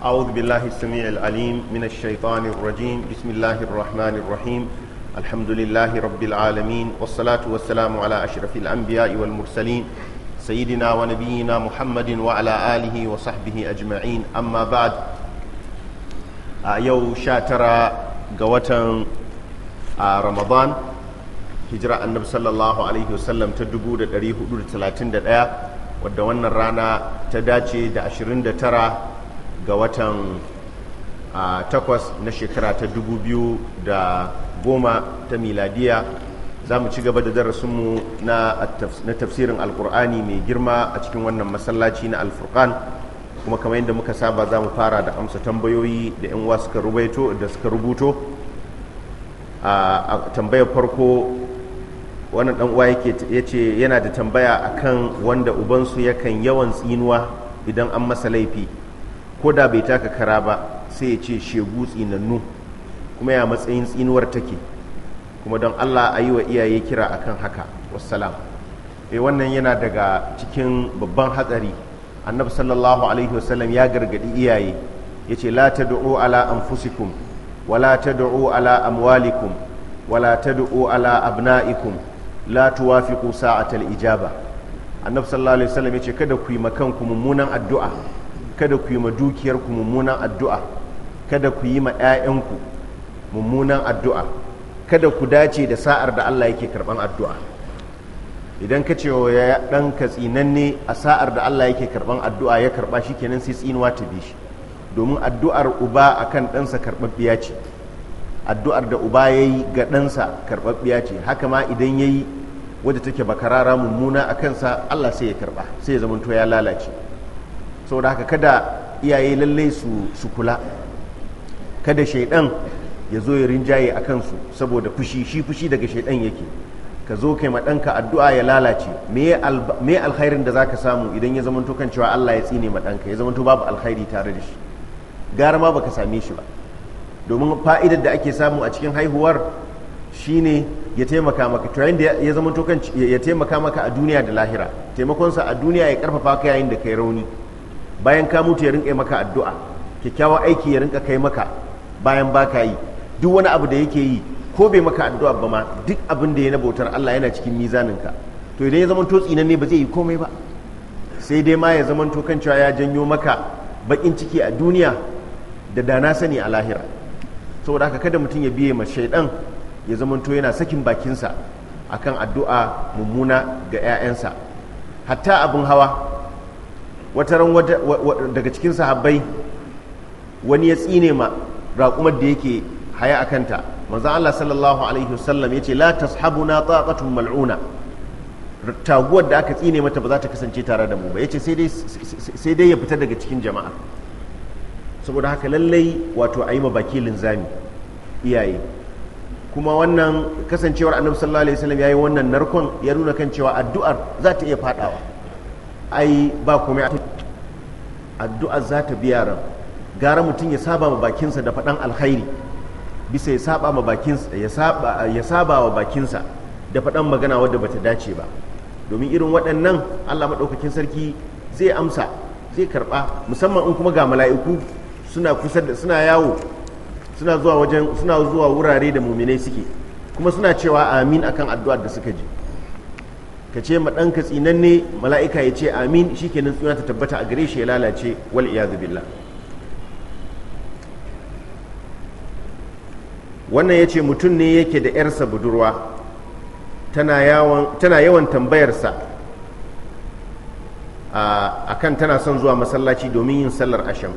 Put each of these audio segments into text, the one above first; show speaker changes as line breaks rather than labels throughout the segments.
أعوذ بالله السميع العليم من الشيطان الرجيم بسم الله الرحمن الرحيم الحمد لله رب العالمين والصلاة والسلام على أشرف الأنبياء والمرسلين سيدنا ونبينا محمد وعلى آله وصحبه أجمعين أما بعد يو شاترا قوة رمضان hijira annabi sallallahu alaihi wasallam ta 1431 wadda wannan rana ta dace da 29 ga watan takwas na shekara ta dubu biyu da goma ta miladiya za mu ci gaba da darasinmu na tafsirin alkur'ani mai girma a cikin wannan masallaci na alfurkan kuma kamar yadda muka saba za mu fara da amsa tambayoyi da 'yan uwa suka rubaito da suka rubuto a tambayar farko wannan dan uwa yake yace yana da tambaya akan wanda ubansu yakan yawan tsinuwa idan an masa laifi ko da bai taka kara ba sai ya ce shegu tsinannu kuma ya matsayin tsinuwar take kuma don allah a yi wa iyaye kira akan haka wassalam e wannan yana daga cikin babban hatsari annabi sallallahu alaihi wasallam ya gargadi iyaye ya ce la tad'u ala anfusikum wala tad'u ala amwalikum wala tad'u ala abna'ikum la tuwafiqu sa'atal ijaba annabi sallallahu alaihi wasallam ya ce kada ku yi makanku mummunan addu'a kada ku yi ma dukiyarku mummunan addu'a kada ku yi ma 'ya'yanku mummunan addu'a kada ku dace da sa'ar da Allah yake karban addu'a idan ka cewa ya ɗan ka tsinanne a sa'ar da Allah yake karɓan addu'a ya karɓa shi kenan sai tsinuwa ta bi shi domin addu'ar uba a kan ɗansa karɓaɓɓiya ce addu'ar da uba ya yi ga ɗansa karɓaɓɓiya ce haka ma idan ya yi wadda take bakarara mummuna a kansa Allah sai ya karɓa sai ya zama to ya lalace saboda haka kada iyaye lalle su kula kada shaidan ya zo ya rinjaye a kansu saboda fushi shi fushi daga shaidan yake ka zo kai ɗanka addu'a ya lalace me alkhairin da za ka samu idan ya zamanto kan cewa Allah ya tsine ɗanka ya zamanto babu alkhairi tare da shi gara ma baka same shi ba domin fa'idar da ake samu a cikin haihuwar shine ya taimaka maka da ya zamanto kan ya taimaka maka a duniya da lahira taimakonsa a duniya ya karfafa ka yayin da kai rauni bayan ka mutu ya rinƙa maka addu'a kyakkyawan aiki ya rinƙa kai maka bayan ba ka yi duk wani abu da yake yi ko bai maka addu'a ba ma duk abin da ya na bautar Allah yana cikin mizaninka to idan ya zama to tsinan ne ba zai yi komai ba sai dai ma ya zama to kan cewa ya janyo maka bakin ciki a duniya da dana sani a lahira saboda haka kada mutum ya biye ma shaidan ya zama to yana sakin bakinsa akan addu'a mummuna ga 'ya'yansa hatta abin hawa wata ran daga cikin sahabbai wani ya tsine ma raƙumar da yake haya a kanta manzan Allah sallallahu alaihi wasallam ya ce la na taqatun mal'una taguwar da aka tsine mata ba za ta kasance tare da mu ba Ya ce sai dai ya fita daga cikin jama'a saboda haka lallai wato a yi baki linzami iyaye kuma wannan kasancewar annabi sallallahu alaihi wasallam yi wannan narkon ya nuna kan cewa addu'ar za ta iya faɗawa. ai ba komai addu'a za ta biya ran gara mutum ya saba ma bakinsa da faɗan alkhairi bisa ya saba ma bakinsa ya saba wa bakinsa da faɗan magana wadda bata dace ba domin irin waɗannan Allah maɗaukakin sarki zai amsa zai karɓa musamman in kuma ga mala'iku suna kusa da suna yawo suna zuwa wajen suna zuwa wurare da muminai suke kuma suna cewa amin akan addu'ar da suka ji ka ce ma ɗanka tsinanne mala'ika ya ce amin shi kenan tsuna ta tabbata a gare shi ya lalace wal billah wannan ya ce mutum ne yake da 'yarsa budurwa tana yawan tambayarsa a kan tana son zuwa masallaci domin yin sallar asham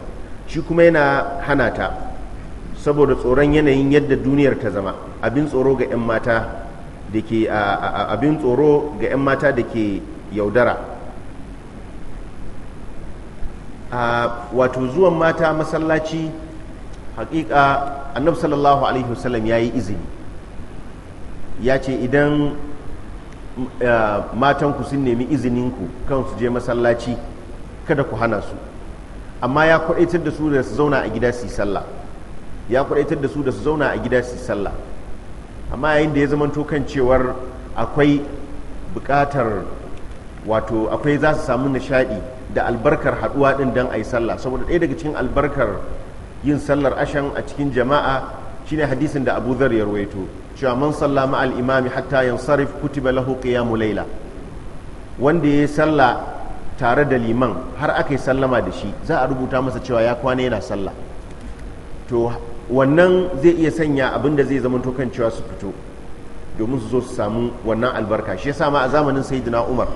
shi kuma yana hana ta saboda tsoron yanayin yadda duniyar ta zama abin tsoro ga 'yan mata da ke abin tsoro ga 'yan mata da ke yaudara wato zuwan mata masallaci hakika annabi sallallahu alaihi wasallam ya yi izini ya ce idan matanku sun nemi izininku kan su je masallaci kada ku hana su amma ya kwaɗaitar da su da su zauna a gida su yi sallah ya kwaɗaitar da su da su zauna a gida su yi sallah amma yayin da ya zama kan cewar akwai bukatar wato akwai za su samu nishadi da albarkar haduwa din dan ayi sallah saboda ɗaya daga cikin albarkar yin sallar ashan a cikin jama'a shine hadisin da Abu Dharr ya rawaito cewa man salla ma'al imami hatta yansarif kutiba lahu qiyamul layla wanda ya sallah tare da liman har aka yi sallama da shi za a rubuta masa cewa ya kwana yana sallah to wannan zai iya sanya abin da zai zama kan cewa su fito domin su zo su samu wannan albarka shi ya ma a zamanin sayyidina umar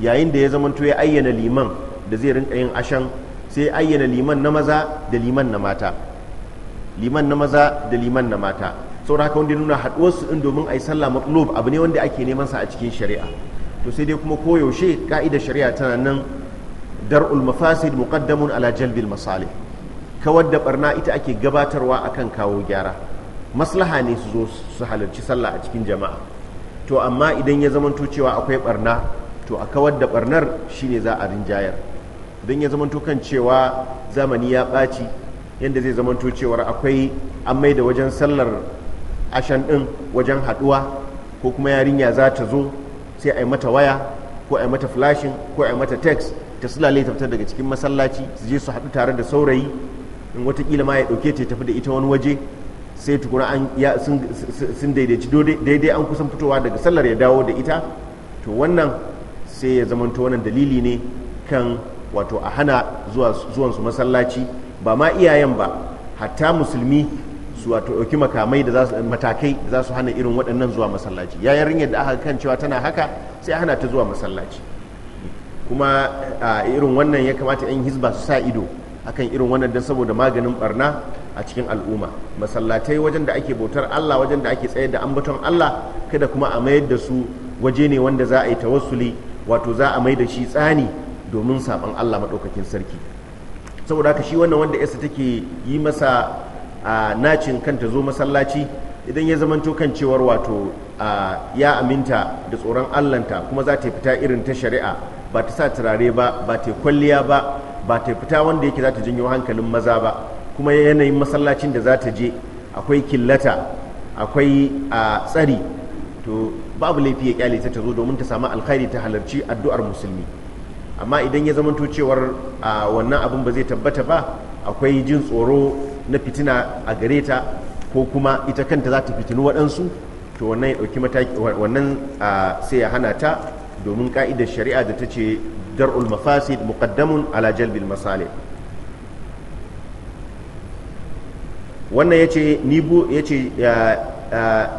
yayin da ya zamanto ya ayyana liman da zai rinka yin ashan sai ayyana liman na maza da liman na mata liman na maza da liman na mata saboda haka wanda nuna haɗuwar su in domin a yi sallah maqlub abu ne wanda ake neman sa a cikin shari'a to sai dai kuma koyaushe ka'idar shari'a tana nan dar'ul mafasid muqaddamun ala jalbil masalih kawar da barna ita ake gabatarwa akan kawo gyara maslaha ne su zo su halarci sallah a cikin jama'a to amma idan ya zamanto cewa akwai barna to a kawar da barnar shine za a rinjayar idan ya zamanto kan cewa zamani ya ɓaci yadda zai zamanto cewar akwai an mai da wajen sallar ashan ɗin wajen haɗuwa ko kuma yarinya za ta zo sai a yi mata waya ko a yi mata flashing ko a yi mata text ta sulale ta daga cikin masallaci su je su haɗu tare da saurayi in watakila ma ya ɗauke ta tafi da ita wani waje sai tukuna an ya sun daidaici daidai an kusan fitowa daga sallar ya dawo da ita to wannan sai ya zamanto wannan dalili ne kan wato a hana zuwan su masallaci ba ma iyayen ba hatta musulmi su wato ɗauki makamai da matakai za su hana irin waɗannan zuwa masallaci Ya rinyar da aka kan cewa tana haka sai hana ta zuwa masallaci kuma irin wannan ya kamata 'yan hizba su sa ido akan irin wannan don saboda maganin barna a cikin al'umma masallatai wajen da ake bautar Allah wajen da ake tsayar da ambaton Allah kada kuma a mayar da su waje ne wanda za a yi tawassuli wato za a mai da shi tsani domin saban Allah maɗaukakin sarki saboda haka shi wannan wanda yasa take yi masa a nacin kanta zo masallaci idan ya zamanto kan cewar wato ya aminta da tsoron allanta kuma za ta fita irin ta shari'a ba ta sa turare ba ba ta kwalliya ba ba ta fita wanda yake za ta janyo hankalin maza ba kuma yanayin masallacin da za ta je akwai killata akwai a tsari to babu laifi ya kyale ta ta zo domin ta samu alkhairi ta halarci addu'ar musulmi amma idan ya zamanto cewar wannan abin ba zai tabbata ba akwai jin tsoro na fitina a gare ta ko kuma ita kanta za ta fitini waɗansu to wannan ya ɗauki mataki wannan sai ya hana ta domin ka'idar shari'a da ta ce dar'ul المفاسد مقدم ala جلب المصالح wannan yace ni bu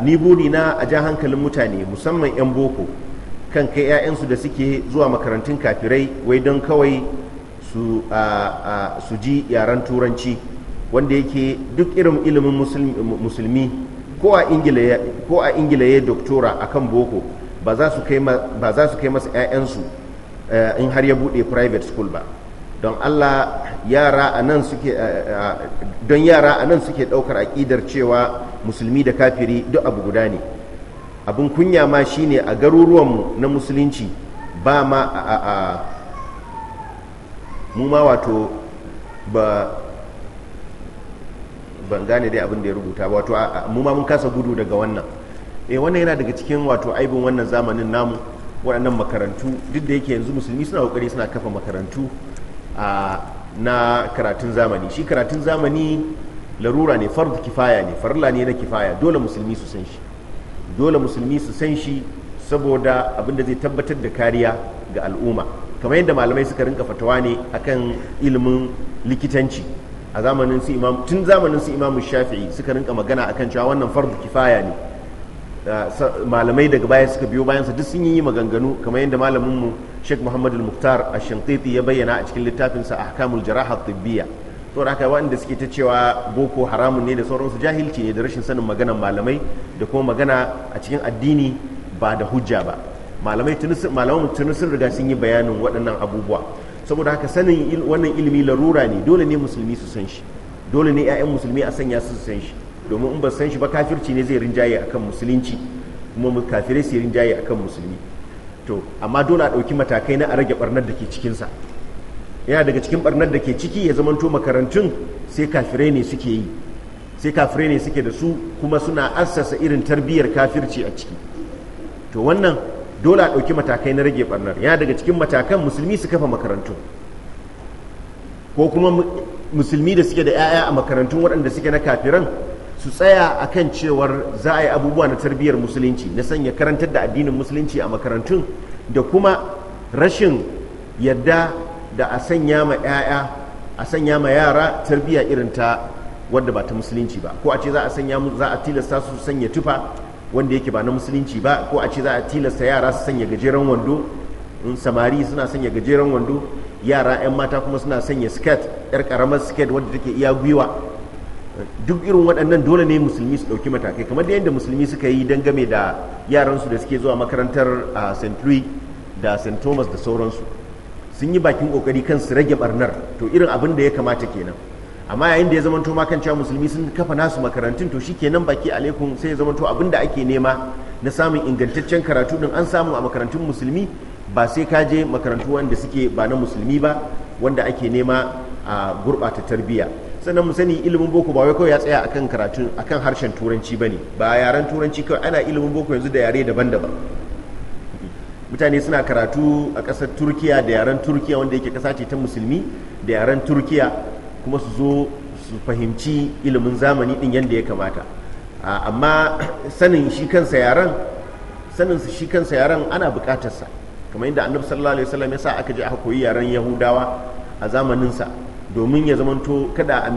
ni buri na a ja hankalin mutane musamman yan boko kan kai 'ya'yansu da suke zuwa makarantun kafirai wai don kawai su ji yaren turanci wanda yake duk irin ilimin musulmi ko a ingila ya doktora akan boko ba za su kai masa 'ya'yansu Eh, in har ya buɗe private school ba don Allah yara a nan suke eh, eh, don yara a nan suke ɗaukar aƙidar cewa musulmi da kafiri duk abu guda ne abin kunya ma shine a garuruwanmu na musulunci ba ma a mu ma wato ba ban gane dai abin da ya rubuta ba wato mu ma mun kasa gudu daga wannan eh wannan yana daga cikin wato aibin wannan zamanin namu waɗannan makarantu duk da yake yanzu musulmi suna kokari suna kafa makarantu na karatun zamani shi karatun zamani larura ne farz kifaya ne farla ne na kifaya dole musulmi su san shi dole musulmi su san shi saboda abin da zai tabbatar da kariya ga al'umma kamar yadda malamai suka rinka fatawa ne akan ilimin likitanci a zamanin su imam tun zamanin su imam shafi'i suka rinka magana akan cewa wannan farz kifaya ne malamai daga baya suka biyo bayansa duk sun yi maganganu kamar yadda malaminmu sheikh muhammad al-muktar ashintiti ya bayyana a cikin littafinsa a ahkamul jaraha tibbiya to haka waɗanda suke ta cewa boko haramun ne da su jahilci ne da rashin sanin maganan malamai da kuma magana a cikin addini ba da hujja ba malamai malaman tuni sun riga sun yi bayanin waɗannan abubuwa saboda haka sanin wannan ilimi larura ne dole ne musulmi su san shi dole ne 'ya'yan musulmi a sanya su san shi domin in ba san shi ba kafirci ne zai rinjaye kan musulunci kuma kafirai su rinjaye a kan musulmi to amma dole a ɗauki matakai na a rage ɓarnar da ke cikinsa yana daga cikin ɓarnar da ke ciki ya zamanto makarantun sai kafirai ne suke yi sai kafirai ne suke da su kuma suna assasa irin tarbiyyar kafirci a ciki to wannan dole a ɗauki matakai na rage ɓarnar. yana daga cikin matakan musulmi su kafa makarantun ko kuma musulmi da suke da 'ya'ya a makarantun waɗanda suke na kafiran su tsaya a kan cewar za a yi abubuwa na tarbiyyar musulunci na sanya karantar da addinin musulunci a makarantun da kuma rashin yadda da a sanya ma 'ya'ya a sanya ma yara tarbiyya irin ta wadda ba ta musulunci ba ko a ce za a sanya za a tilasta su sanya tufa wanda yake ba na musulunci ba ko a ce za a tilasta yara su sanya gajeren wando samari suna sanya gajeren wando yara 'yan mata kuma suna sanya skirt 'yar karamar skirt wadda take iya gwiwa duk irin waɗannan dole ne musulmi su ɗauki matakai kamar da yadda musulmi suka yi game da yaransu da suke zuwa makarantar a st louis da st thomas da sauransu sun yi bakin ƙoƙari kan su rage barnar to irin abin da ya kamata kenan amma yayin da ya zama to kan cewa musulmi sun kafa nasu makarantun to shi kenan baki alaikum sai ya zama to abin da ake nema na samun ingantaccen karatu din an samu a makarantun musulmi ba sai ka je makarantu wanda suke ba na musulmi ba wanda ake nema a gurɓata tarbiyya sannan mu sani ilimin boko ba wai kawai ya tsaya akan karatu akan harshen turanci ba ne ba yaren turanci kawai ana ilimin boko yanzu da yare daban-daban mutane suna karatu a ƙasar turkiya da yaren turkiya wanda yake ƙasa ce ta musulmi da yaren turkiya kuma su zo su fahimci ilimin zamani din yadda ya kamata amma sanin shi kansa yaren sanin shi kansa yaren ana buƙatarsa kamar yadda annabi sallallahu alaihi wasallam ya sa aka je aka koyi yaren yahudawa a zamanin sa. domin ya zamanto kada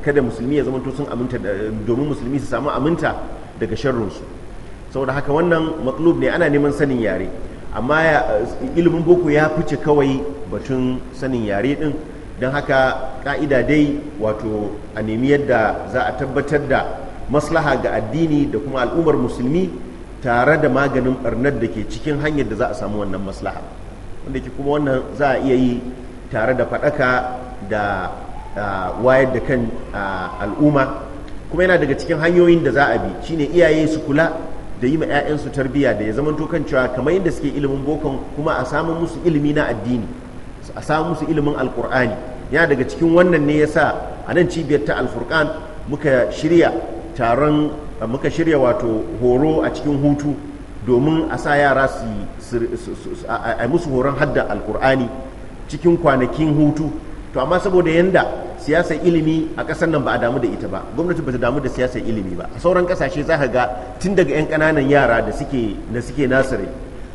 kada musulmi ya zamanto sun aminta domin musulmi su samu aminta daga sharrinsu saboda haka wannan matsalub ne ana neman sanin yare amma ilimin boko ya fice kawai batun sanin yare din don haka ka'ida dai wato a nemi yadda za a tabbatar da maslaha ga addini da kuma al'ummar musulmi tare da maganin barnar da ke cikin hanyar da za a samu wannan maslaha wanda ke kuma wannan za a iya yi tare da faɗaka da ah, wayar da kan ah, al'umma kuma yana daga cikin hanyoyin da za a bi shine iyaye su kula da yi ma 'ya'yansu tarbiyya da ya zama kan cewa kamar yadda suke ilimin bokon kuma a samu musu ilimi na addini a samu musu ilimin alkur'ani yana daga cikin wannan ne yasa a nan cibiyar ta alfurkan muka shirya taron muka shirya wato horo a cikin hutu domin a sa yara su a musu horon hadda alkur'ani cikin kwanakin hutu to amma saboda yanda siyasar ilimi a ƙasar nan ba a damu da ita ba gwamnati ba ta damu da siyasar ilimi ba a sauran ƙasashe za ka ga tun daga 'yan kananan yara da suke na suke nasire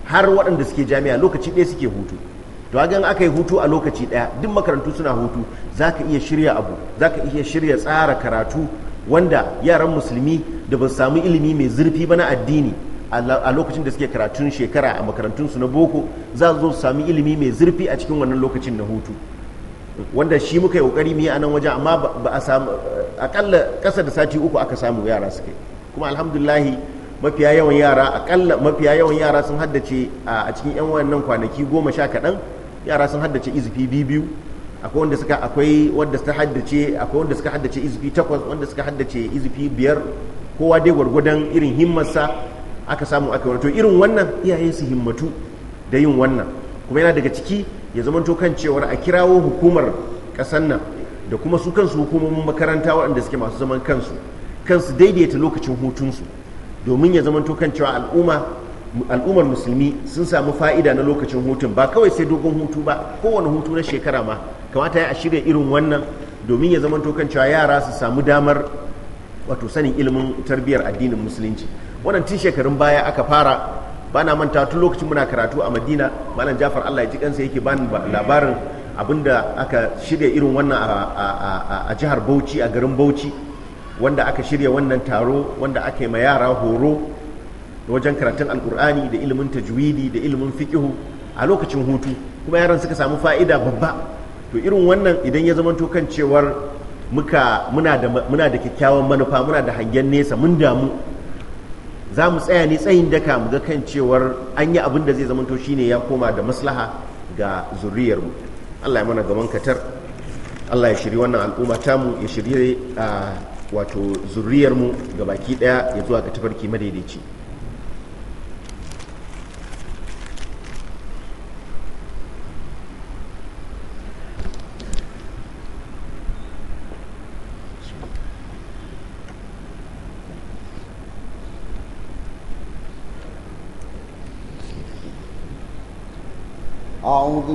har waɗanda suke jami'a lokaci ɗaya suke hutu to ga aka yi hutu a lokaci ɗaya duk makarantu suna hutu za ka iya shirya abu za ka iya shirya tsara karatu wanda yaran musulmi da ba su samu ilimi mai zurfi ba na addini a lokacin da suke karatun shekara a makarantunsu na boko za su zo su sami ilimi mai zurfi a cikin wannan lokacin na hutu wanda shi muka yi kokari mu yi a nan wajen amma ba a samu akalla ƙasa da sati uku aka samu yara su yi kuma alhamdulillahi mafiya yawan yara akalla mafiya yawan yara sun haddace a cikin yan wannan kwanaki goma sha kaɗan yara sun haddace izifi biyu akwai wanda suka akwai wanda suka haddace akwai wanda suka haddace izifi takwas wanda suka haddace izifi biyar kowa dai gwargwadon irin himmarsa aka samu aka wato irin wannan iyaye su himmatu da yin wannan kuma yana daga ciki ya zamanto kan cewar a kirawo hukumar kasan nan da kuma su kansu hukumomin makaranta waɗanda suke masu zaman kansu kansu daidaita lokacin hutunsu domin ya zamanto kan cewa al'ummar musulmi sun samu fa'ida na lokacin hutun ba kawai sai dogon hutu ba kowane hutu na shekara ma kamata ya a shirya irin wannan domin ya zamanto kan cewa yara su samu damar wato sanin ilimin tarbiyyar addinin musulunci wannan tun shekarun baya aka fara Bana na manta tun lokacin muna karatu a madina malam jafar allah ya ji kansa yake bani labarin abinda aka shirya irin wannan a jihar bauchi a garin bauchi wanda aka shirya wannan taro wanda aka yi ma yara horo wajen karatun alkur'ani da ilimin tajwidi da ilimin fikihu a lokacin hutu kuma yaran suka samu fa'ida babba to irin wannan idan ya zamanto kan cewar muka muna da kyakkyawan manufa muna da hangen nesa mun damu za mu tsaya ne tsayin daka mu ga kan cewar an yi abin da zai zamanto ne ya koma da maslaha ga zuriyarmu Allah ya mana gaban katar Allah ya shiri wannan al'umma mu ya shiri ah, wato zuriyarmu ga baki daya ya zuwa ga tafarki madaidaici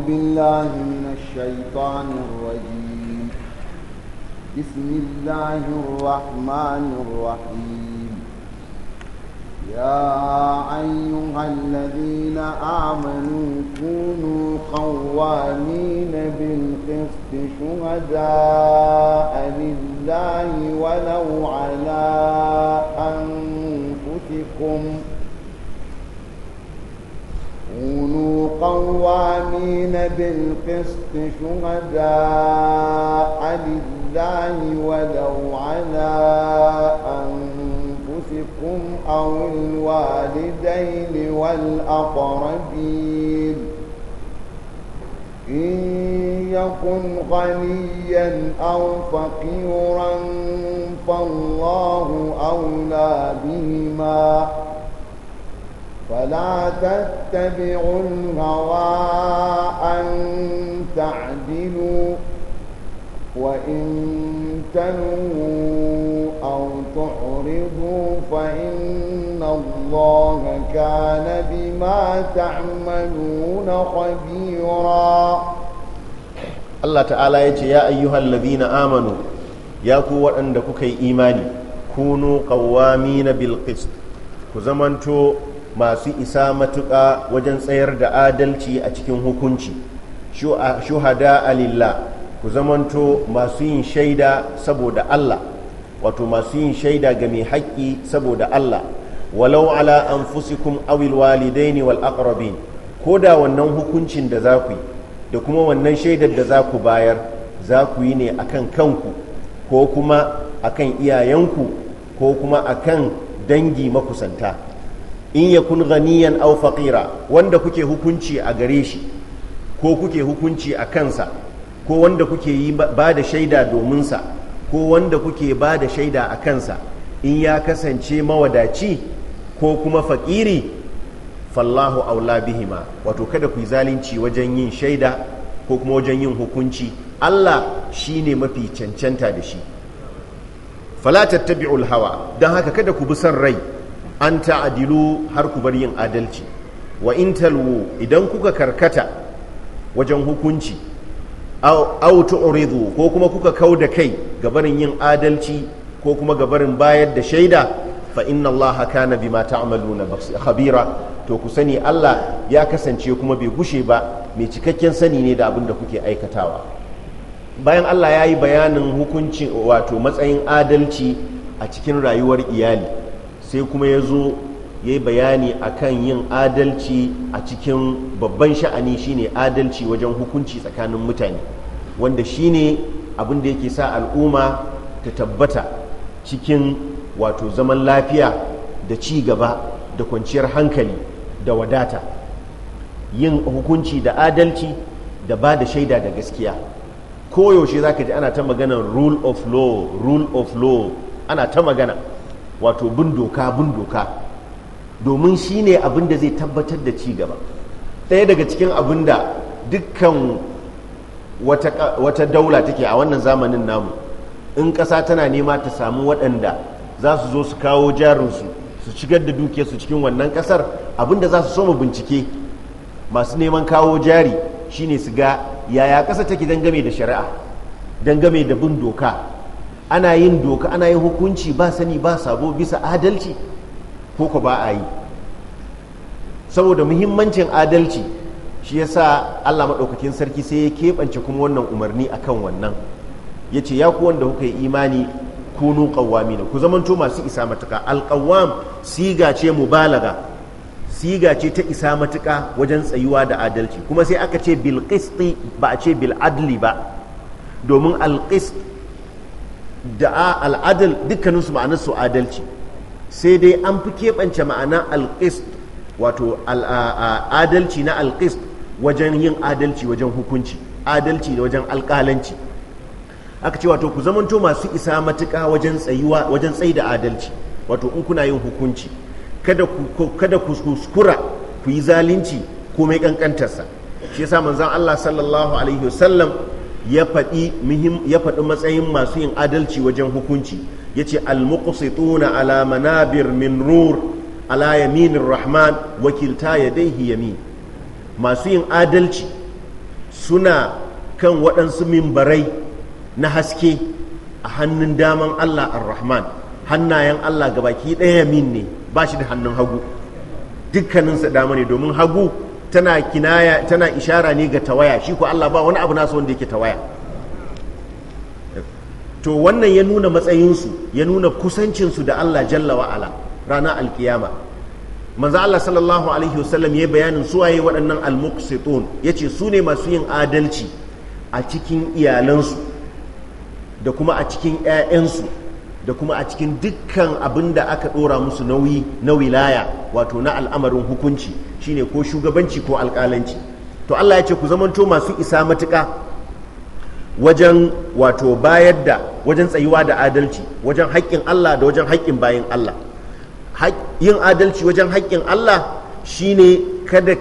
بالله من الشيطان الرجيم بسم الله الرحمن الرحيم يا أيها الذين آمنوا كونوا قوامين بالقسط شهداء لله ولو على أنفسكم ۖ كونوا قوامين بالقسط شهداء لله ولو على أنفسكم أو الوالدين والأقربين إن يكن غنيا أو فقيرا فالله أولى بهما فلا تتبعوا الهوى أن تعدلوا وإن تنووا أو تعرضوا فإن الله كان بما تعملون خبيرا
Allah ta'ala ya ce ya ayyuhal na amanu ya ku waɗanda kuka yi imani kunu ƙawami na bilkist ku zamanto masu isa matuƙa wajen tsayar da adalci a cikin hukunci shuhada alillah ku zamanto masu yin shaida saboda Allah wato masu yin shaida ga mai haƙƙi saboda Allah walau ala an anfusikum awil walidaini wal aqrabin ko da wannan hukuncin da za ku yi da kuma wannan shaidar da za ku bayar za ku yi ne akan kanku ko kuma akan iyayenku ko kuma akan dangi makusanta in ya kun ganiyan au faƙira wanda kuke hukunci a gare shi ko kuke hukunci a kansa ko wanda kuke yi ba da shaida domin sa ko wanda kuke ba da shaida a kansa in ya kasance mawadaci ko kuma faƙiri fallahu aula bihima wato kada ku yi zalunci wajen yin shaida ko kuma wajen yin hukunci Allah shi ne mafi cancanta da shi fala tattabi'ul hawa don haka kada ku bi son rai an ta'adilu har ku bar yin adalci wa in idan kuka karkata wajen hukunci au tu'ridu ko kuma kuka kau da kai ga barin yin adalci ko kuma gabarin bayar da shaida fa inna allaha kana bima ta'maluna khabira to ku sani Allah ya kasance kuma bai gushe ba mai cikakken sani ne da abin da kuke aikatawa bayan Allah ya yi bayanin hukunci wato matsayin adalci a cikin rayuwar iyali sai kuma ya zo ya yi bayani akan yin adalci a cikin babban sha'ani shine adalci wajen hukunci tsakanin mutane wanda shine abin da yake sa al'umma ta tabbata cikin wato zaman lafiya da ci gaba da kwanciyar hankali da wadata yin hukunci da adalci da ba da shaida da gaskiya koyaushe za ka ji ana ta maganar rule of law rule of law ana ta magana wato bin doka bin doka domin shi ne abin da zai tabbatar da ci gaba ɗaya daga cikin abin da dukkan wata daula take a wannan zamanin namu in ƙasa tana nema ta samu waɗanda za su zo su kawo jarinsu su shigar da duke su cikin wannan ƙasar abin da za su soma bincike masu neman kawo jari shine su ga yaya ƙasa take dangame da shari'a dangame da bin doka ana yin doka ana yin hukunci ba sani ba sabo bisa adalci ko ba a yi saboda muhimmancin adalci shi ya sa Allah maɗaukakin sarki sai ya keɓance kuma wannan umarni a kan wannan ya ce ya ku wanda kuka yi imani kunu qawwamina ku zamanto masu isa matuka alƙawwam siga ce mubalaga siga ce ta isa matuka wajen tsayuwa da adalci kuma sai aka ce bil ba a ce bil adli ba domin alƙis. da al'adal dukkaninsu ma'anar su adalci sai dai an fi keɓance ma'ana alƙist wato adalci na alƙist wajen yin adalci wajen hukunci adalci da wajen alƙalanci aka ce wato ku zamanto masu isa matuka wajen tsayuwa wajen tsayi da adalci wato in kuna yin hukunci kada ku ku kuskura ku yi zalunci komai kankantarsa shi yasa manzon Allah sallallahu alaihi wasallam ya faɗi matsayin masu yin adalci wajen hukunci Ya ce muqsituna ala manabir min ala yaminir rahman wakilta ya dai yamin masu yin adalci suna kan waɗansu mimbarai na haske a hannun daman Allah ar-rahman hannayen Allah gabaki ɗaya yamin ne ba shi da hannun hagu dukkaninsa dama ne domin hagu tana kinaya tana ishara ne ga tawaya shi ko Allah ba wani abu nasu wanda yake tawaya to wannan ya nuna matsayinsu ya nuna kusancinsu da Allah jalla wa'ala ranar alkiyama manzo Allah sallallahu alaihi wasallam ya bayanin su waye waɗannan almuqsitun yace su ne masu yin adalci a cikin iyalansu da kuma a cikin 'ya'yansu da kuma a cikin dukkan abin da aka ɗora musu nauyi na wilaya wato na al'amarin hukunci shine ko shugabanci ko alƙalanci to Allah ya ce ku zamanto masu isa matuka wajen wato bayar da wajen tsayuwa da adalci wajen haƙƙin Allah da wajen haƙƙin bayin Allah yin adalci wajen haƙƙin Allah shine kada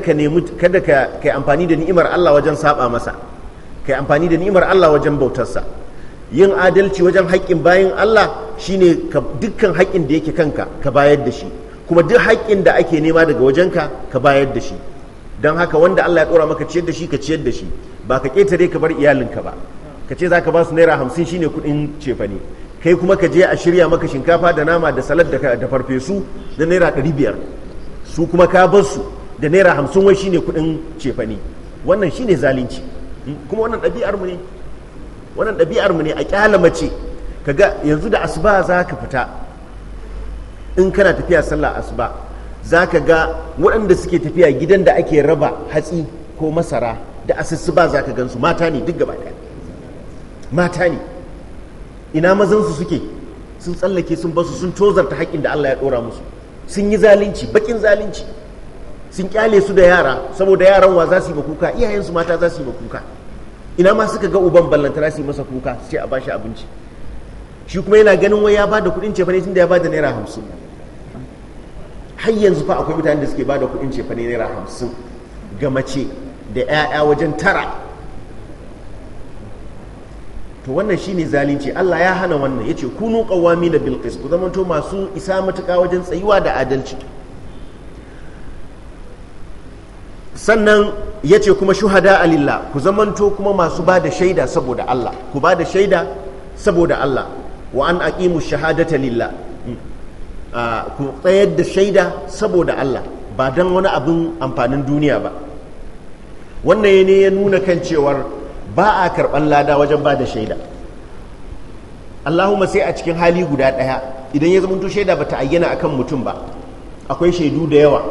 ka nemi amfani da ni'imar Allah wajen saba masa kai amfani da ni'imar Allah wajen bautarsa yin adalci wajen haƙƙin bayin Allah shine dukkan haƙƙin da yake kanka ka bayar da shi kuma duk haƙƙin da ake nema daga wajenka ka bayar da shi don haka wanda Allah ya tsora maka ciyar da shi ka ciyar da shi ba ka ƙetare ka bar iyalinka ba ka ce za ka ba su naira hamsin shi ne kuɗin ne kai kuma ka je a shirya maka shinkafa da nama da salad da farfesu da naira ɗari biyar su kuma ka bar su da naira hamsin wai ne kuɗin ne wannan shi ne zalunci hmm? kuma wannan ɗabi'ar mu ne wannan ɗabi'ar mu ne a ƙyala mace kaga yanzu da asuba za ka fita in kana tafiya sallah asuba za ka ga waɗanda suke tafiya gidan da ake raba hatsi ko masara da asusuba za ka gansu mata ne duk gaba mata ne ina mazansu suke sun tsallake sun basu sun tozarta haƙƙin da Allah ya ɗora musu sun yi zalunci baƙin zalunci sun kyale su da yara saboda yaran wa za su yi ba kuka iyayensu mata za su yi ba kuka ina ma suka ga uban ballantana su yi masa kuka su ce a bashi abinci shi kuma yana ganin wai ya bada kuɗin cefane tun da ya bada naira hamsin har yanzu fa akwai mutane da suke ba da kuɗin cefane naira hamsin ga mace da 'ya'ya wajen tara to wannan shine zalunci Allah ya hana wannan yace kunu qawami da bilkis ku zamanto masu isa matuka wajen tsayuwa da adalci sannan yace kuma shuhada alilla ku zamanto kuma masu ba da shaida saboda Allah ku ba da shaida saboda Allah wa an aqimu shahadata lillah ku tsayar da shaida saboda Allah ba don wani abin amfanin duniya ba wannan ne ya nuna kan cewar ba a karɓar lada wajen ba da shaida Allahumma sai a cikin hali guda ɗaya idan ya zamanto shaida ba ta ayyana akan mutum ba akwai shaidu da yawa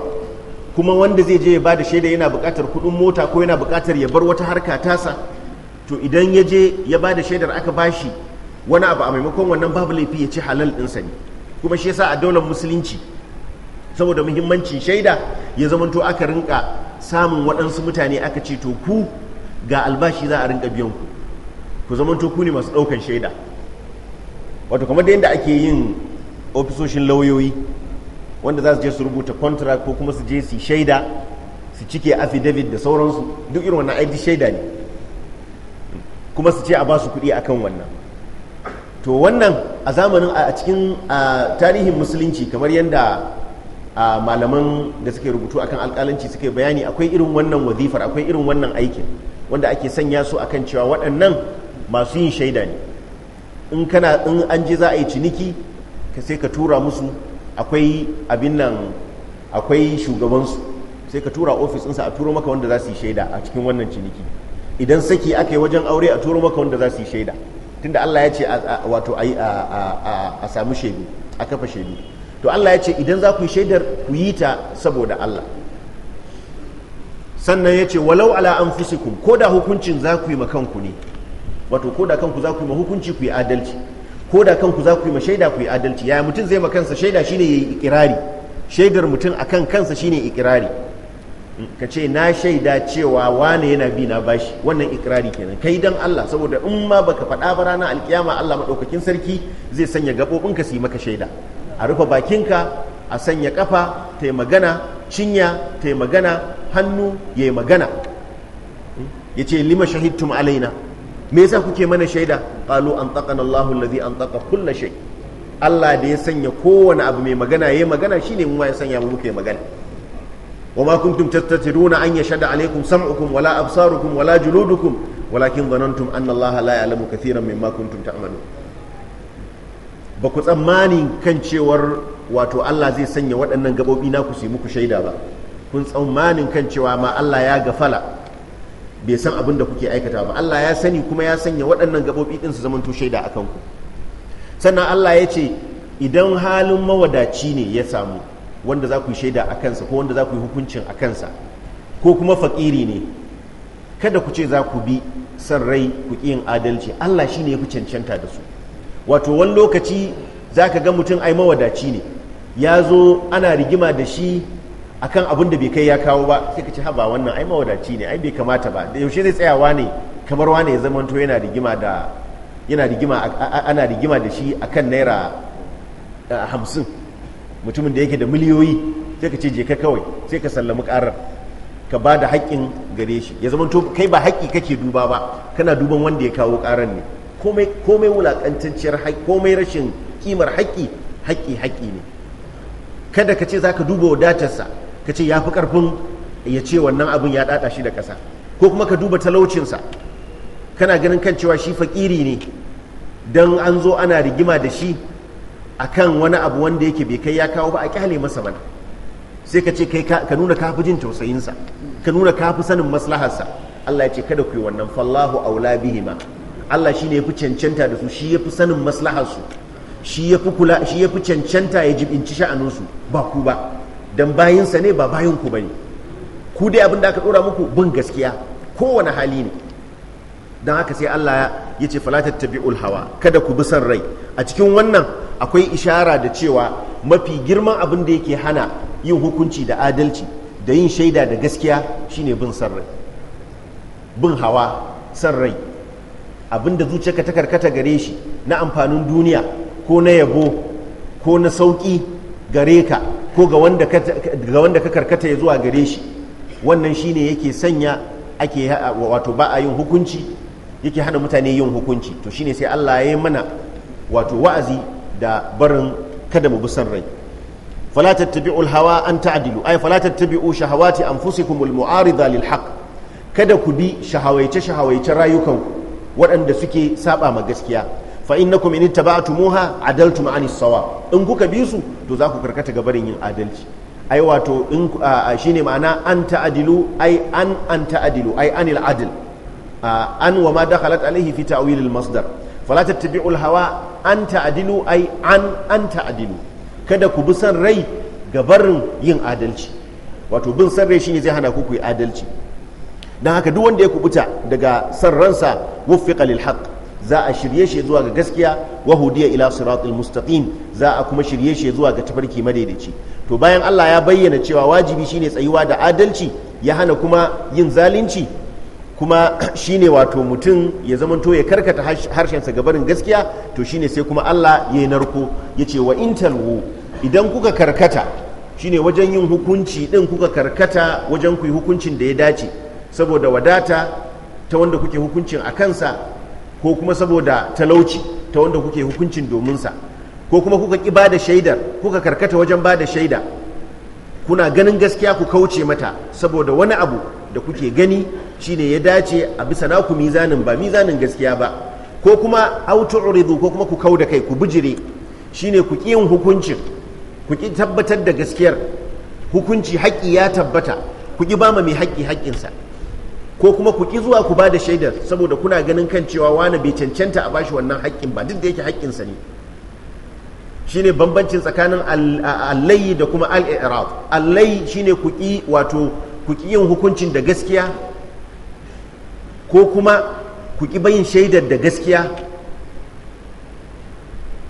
kuma wanda zai je ya ba da shaida yana buƙatar kuɗin mota ko yana buƙatar ya bar wata harka tasa to idan ya je ya ba da shaidar aka bashi wani abu a maimakon wannan babu laifi ya ci halal ɗinsa ne kuma shi yasa a daular musulunci saboda muhimmancin shaida ya zamanto aka rinka samun waɗansu mutane aka ce to ku ga albashi za a rinka biyan ku ku zamanto ku ne masu ɗaukan shaida wato kamar da yadda ake yin ofisoshin lauyoyi wanda za su je su rubuta contract ko kuma su je su shaida su cike affidavit da sauransu duk irin wannan shaida ne kuma su ce a ba su kuɗi akan wannan to wannan a zamanin a cikin tarihin musulunci kamar yadda malaman da suke rubutu akan alkalanci suke bayani akwai irin wannan wazifar akwai irin wannan aikin wanda ake sanya su akan cewa waɗannan masu yin shaida ne in kana in an je za a yi ciniki ka sai ka tura musu akwai abin nan akwai shugabansu sai ka tura ofis ɗinsa a turo maka wanda za su yi shaida a cikin wannan ciniki idan saki aka yi wajen aure a turo maka wanda za su yi shaida tunda Allah ya ce wato a samu shaidu a kafa shaidu to Allah ya ce idan za ku yi shaidar ku yi ta saboda Allah sannan ya ce walau ala fisiku ko da hukuncin za ku yi ma kanku ne wato ko da kanku za ku yi ma hukunci ku yi adalci ko da kanku za ku yi ma shaida ku yi adalci yaya mutum zai ma kansa shaida shine yi ikirari shaidar mutum akan kansa shine ikirari ka ce na shaida cewa wane yana bi na bashi wannan ikirari kenan kai dan Allah saboda in ma baka faɗa ba ranar alkiyama Allah maɗaukakin sarki zai sanya ka su maka shaida a rufe bakinka a sanya kafa ta magana cinya ta magana hannu ya magana hmm? ya ce lima shahidtum alaina me yasa kuke mana shaida qalu an taqana Allahu allazi an taqa kull shay Allah da ya sanya kowane abu mai magana yayi magana shine mu ya sanya mu muke magana وما كنتم تتترون أن يشهد عليكم سمعكم ولا أبصاركم ولا جلودكم ولكن ظننتم أن الله لا يعلم كثيرا مما كنتم تعملون بكت أماني كان شوار واتو الله زي سنة وأن قبو بينا كسي مكو شيدا با كنت أماني كان شوار ما الله يا غفلا بيسان أبن دكوكي أي كتابة الله يا سني كما يا سنة وأن نقبو بينا سزمن تو شيدا أكونكم سنة الله يتي إذا حال موداتشيني يسامو wanda za ku yi shaida a kansa ko wanda za ku yi hukuncin a kansa ko kuma fakiri ne kada ku ce za ku bi san rai ku yin adalci Allah shi ne ya fi cancanta da su wato wani lokaci za ka ga mutum ai mawadaci ne ya zo ana rigima da shi a kan abin da bai kai ya kawo ba sai ka ce haba wannan ai mawadaci ne ai bai kamata ba da yaushe zai tsayawa ne kamar wane ya zamanto yana rigima da yana rigima ana rigima da shi akan naira eh, hamsin mutumin da yake da miliyoyi sai ka ce je ka kawai sai ka sallami karar ka ba da haƙƙin gare shi ya zama to kai ba haƙƙi kake duba ba kana duban wanda ya kawo karar ne komai komai wulakantacciyar haƙƙi komai rashin ƙimar haƙƙi haƙƙi haƙƙi ne kada ka ce zaka duba wadatarsa ka ce ya fi ƙarfin ya ce wannan abin ya ɗaɗa shi da ƙasa ko kuma ka duba talaucinsa kana ganin kan cewa shi faƙiri ne don an zo ana rigima da shi akan wani abu wanda yake bai kai ya kawo ba a kyale masa mana sai ka ce ka nuna kafi jin tausayinsa ka nuna kafi sanin maslaharsa Allah ya ce kada ku yi wannan fallahu aula bihima Allah shi ne ya fi cancanta da su shi ya fi sanin maslaharsu shi ya fi kula shi ya fi cancanta ya jibinci sha'aninsu ba ku ba dan bayinsa ne ba bayin ku ne. ku dai abin da aka ɗora muku bin gaskiya kowane hali ne don haka sai Allah ya ce falatar tabi'ul hawa kada ku bi son rai a cikin wannan akwai ishara da cewa mafi girman abin da yake hana yin hukunci da adalci da yin shaida da gaskiya shine bin son rai bin hawa san rai abin da zuciyarka ta karkata gare shi na amfanin duniya ko na yabo ko na sauƙi gare ka ko ga wanda ka karkata ya zuwa gare shi wannan shine yake sanya ake wato ba a yin hukunci yake hana mutane yin hukunci to shine sai Allah ya yi mana wato wa'azi da barin kada mu bi san rai fala tattabi'u hawa an ta'dilu ay fala tattabi'u shahawati anfusikum lil kada ku bi shahawaice shahawaice rayukanku waɗanda suke saba ma gaskiya fa innakum in ittaba'tumuha adaltum an sawa in kuka bi su to za ku karkata ga barin yin adalci ai wato in shine ma'ana an ta'dilu ai an an ta'dilu ai anil adl an wa ma dakhalat alaihi fi ta'wil al-masdar fala tattabi'u al-hawa an ta'dilu ay an an ta'dilu kada ku bi son rai ga barin yin adalci wato bin san rai shine zai hana ku ku yi adalci dan haka duk wanda ya kubuta daga san ransa wuffiqa lil haqq za a shirye shi zuwa ga gaskiya wa hudiya ila siratul mustaqim za a kuma shirye shi zuwa ga tafarki madaidaici to bayan Allah ya bayyana cewa wajibi shine tsayuwa da adalci ya hana kuma yin zalunci kuma shine wato mutum ya zamanto ya karkata harshensa gabarin gaskiya to shine sai kuma Allah ya yi narko ya ce wa intalwo idan kuka karkata shine wajen yin hukunci din kuka karkata wajen ku yi hukuncin da ya dace saboda wadata ta wanda kuke hukuncin a kansa ko kuma saboda talauci ta wanda kuke hukuncin dominsa ko kuma kuka ƙi ba da shaidar kuka karkata wajen bada da shaida kuna ganin gaskiya ku kauce mata saboda wani abu da kuke gani shine ya dace a bisa naku mizanin ba mizanin gaskiya ba ko kuma autu ko kuma ku kau da kai ku bijire shine ku ƙi yin hukuncin ku ƙi tabbatar da gaskiyar hukunci haƙƙi ya tabbata ku ƙi ba mai haƙƙi haƙƙinsa ko kuma ku ƙi zuwa ku ba da shaidar saboda kuna ganin kan cewa wani bai cancanta a bashi wannan haƙƙin ba duk da yake haƙƙinsa ne shine bambancin tsakanin allai da kuma al-i'rad allayi shine ku ƙi wato ku ƙi yin hukuncin da gaskiya ko kuma ku ƙi bayin shaidar da gaskiya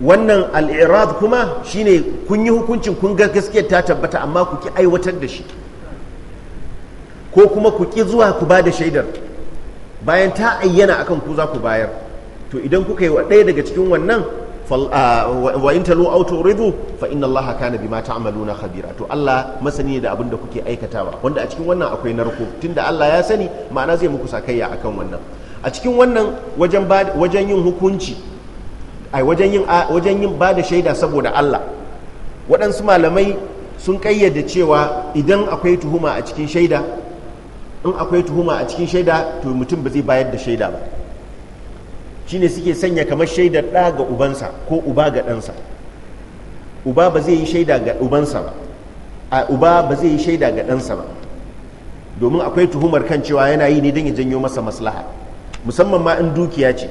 wannan al'irad kuma shine kun yi hukuncin kun ga gaskiyar ta tabbata amma ku ƙi aiwatar da shi ko kuma ku ƙi zuwa ku ba da shaidar bayan ta ayyana akan ku za ku bayar to idan kuka yi ɗaya daga cikin wannan Ah, wa in aw turidu fa inna allaha kana bima ta'maluna khabira to Allah masani da abin da kuke aikatawa wanda a cikin wannan akwai narko tunda Allah ya sani ma'ana zai muku sakayya akan wannan a cikin wannan wajen yin hukunci ai wajen yin wajen yin bada shaida saboda Allah waɗansu malamai sun kayyade cewa idan akwai tuhuma a cikin shaida in akwai tuhuma a cikin shaida to mutum ba zai bayar da shaida ba Shi ne suke sanya kamar shaidar ɗa ga ubansa ko uba ga ɗansa uba ba zai yi shaida ga ubansa ba a uba ba zai yi shaida ga ɗansa ba domin akwai tuhumar kan cewa yana yi ne don ya janyo masa maslaha musamman ma in dukiya ce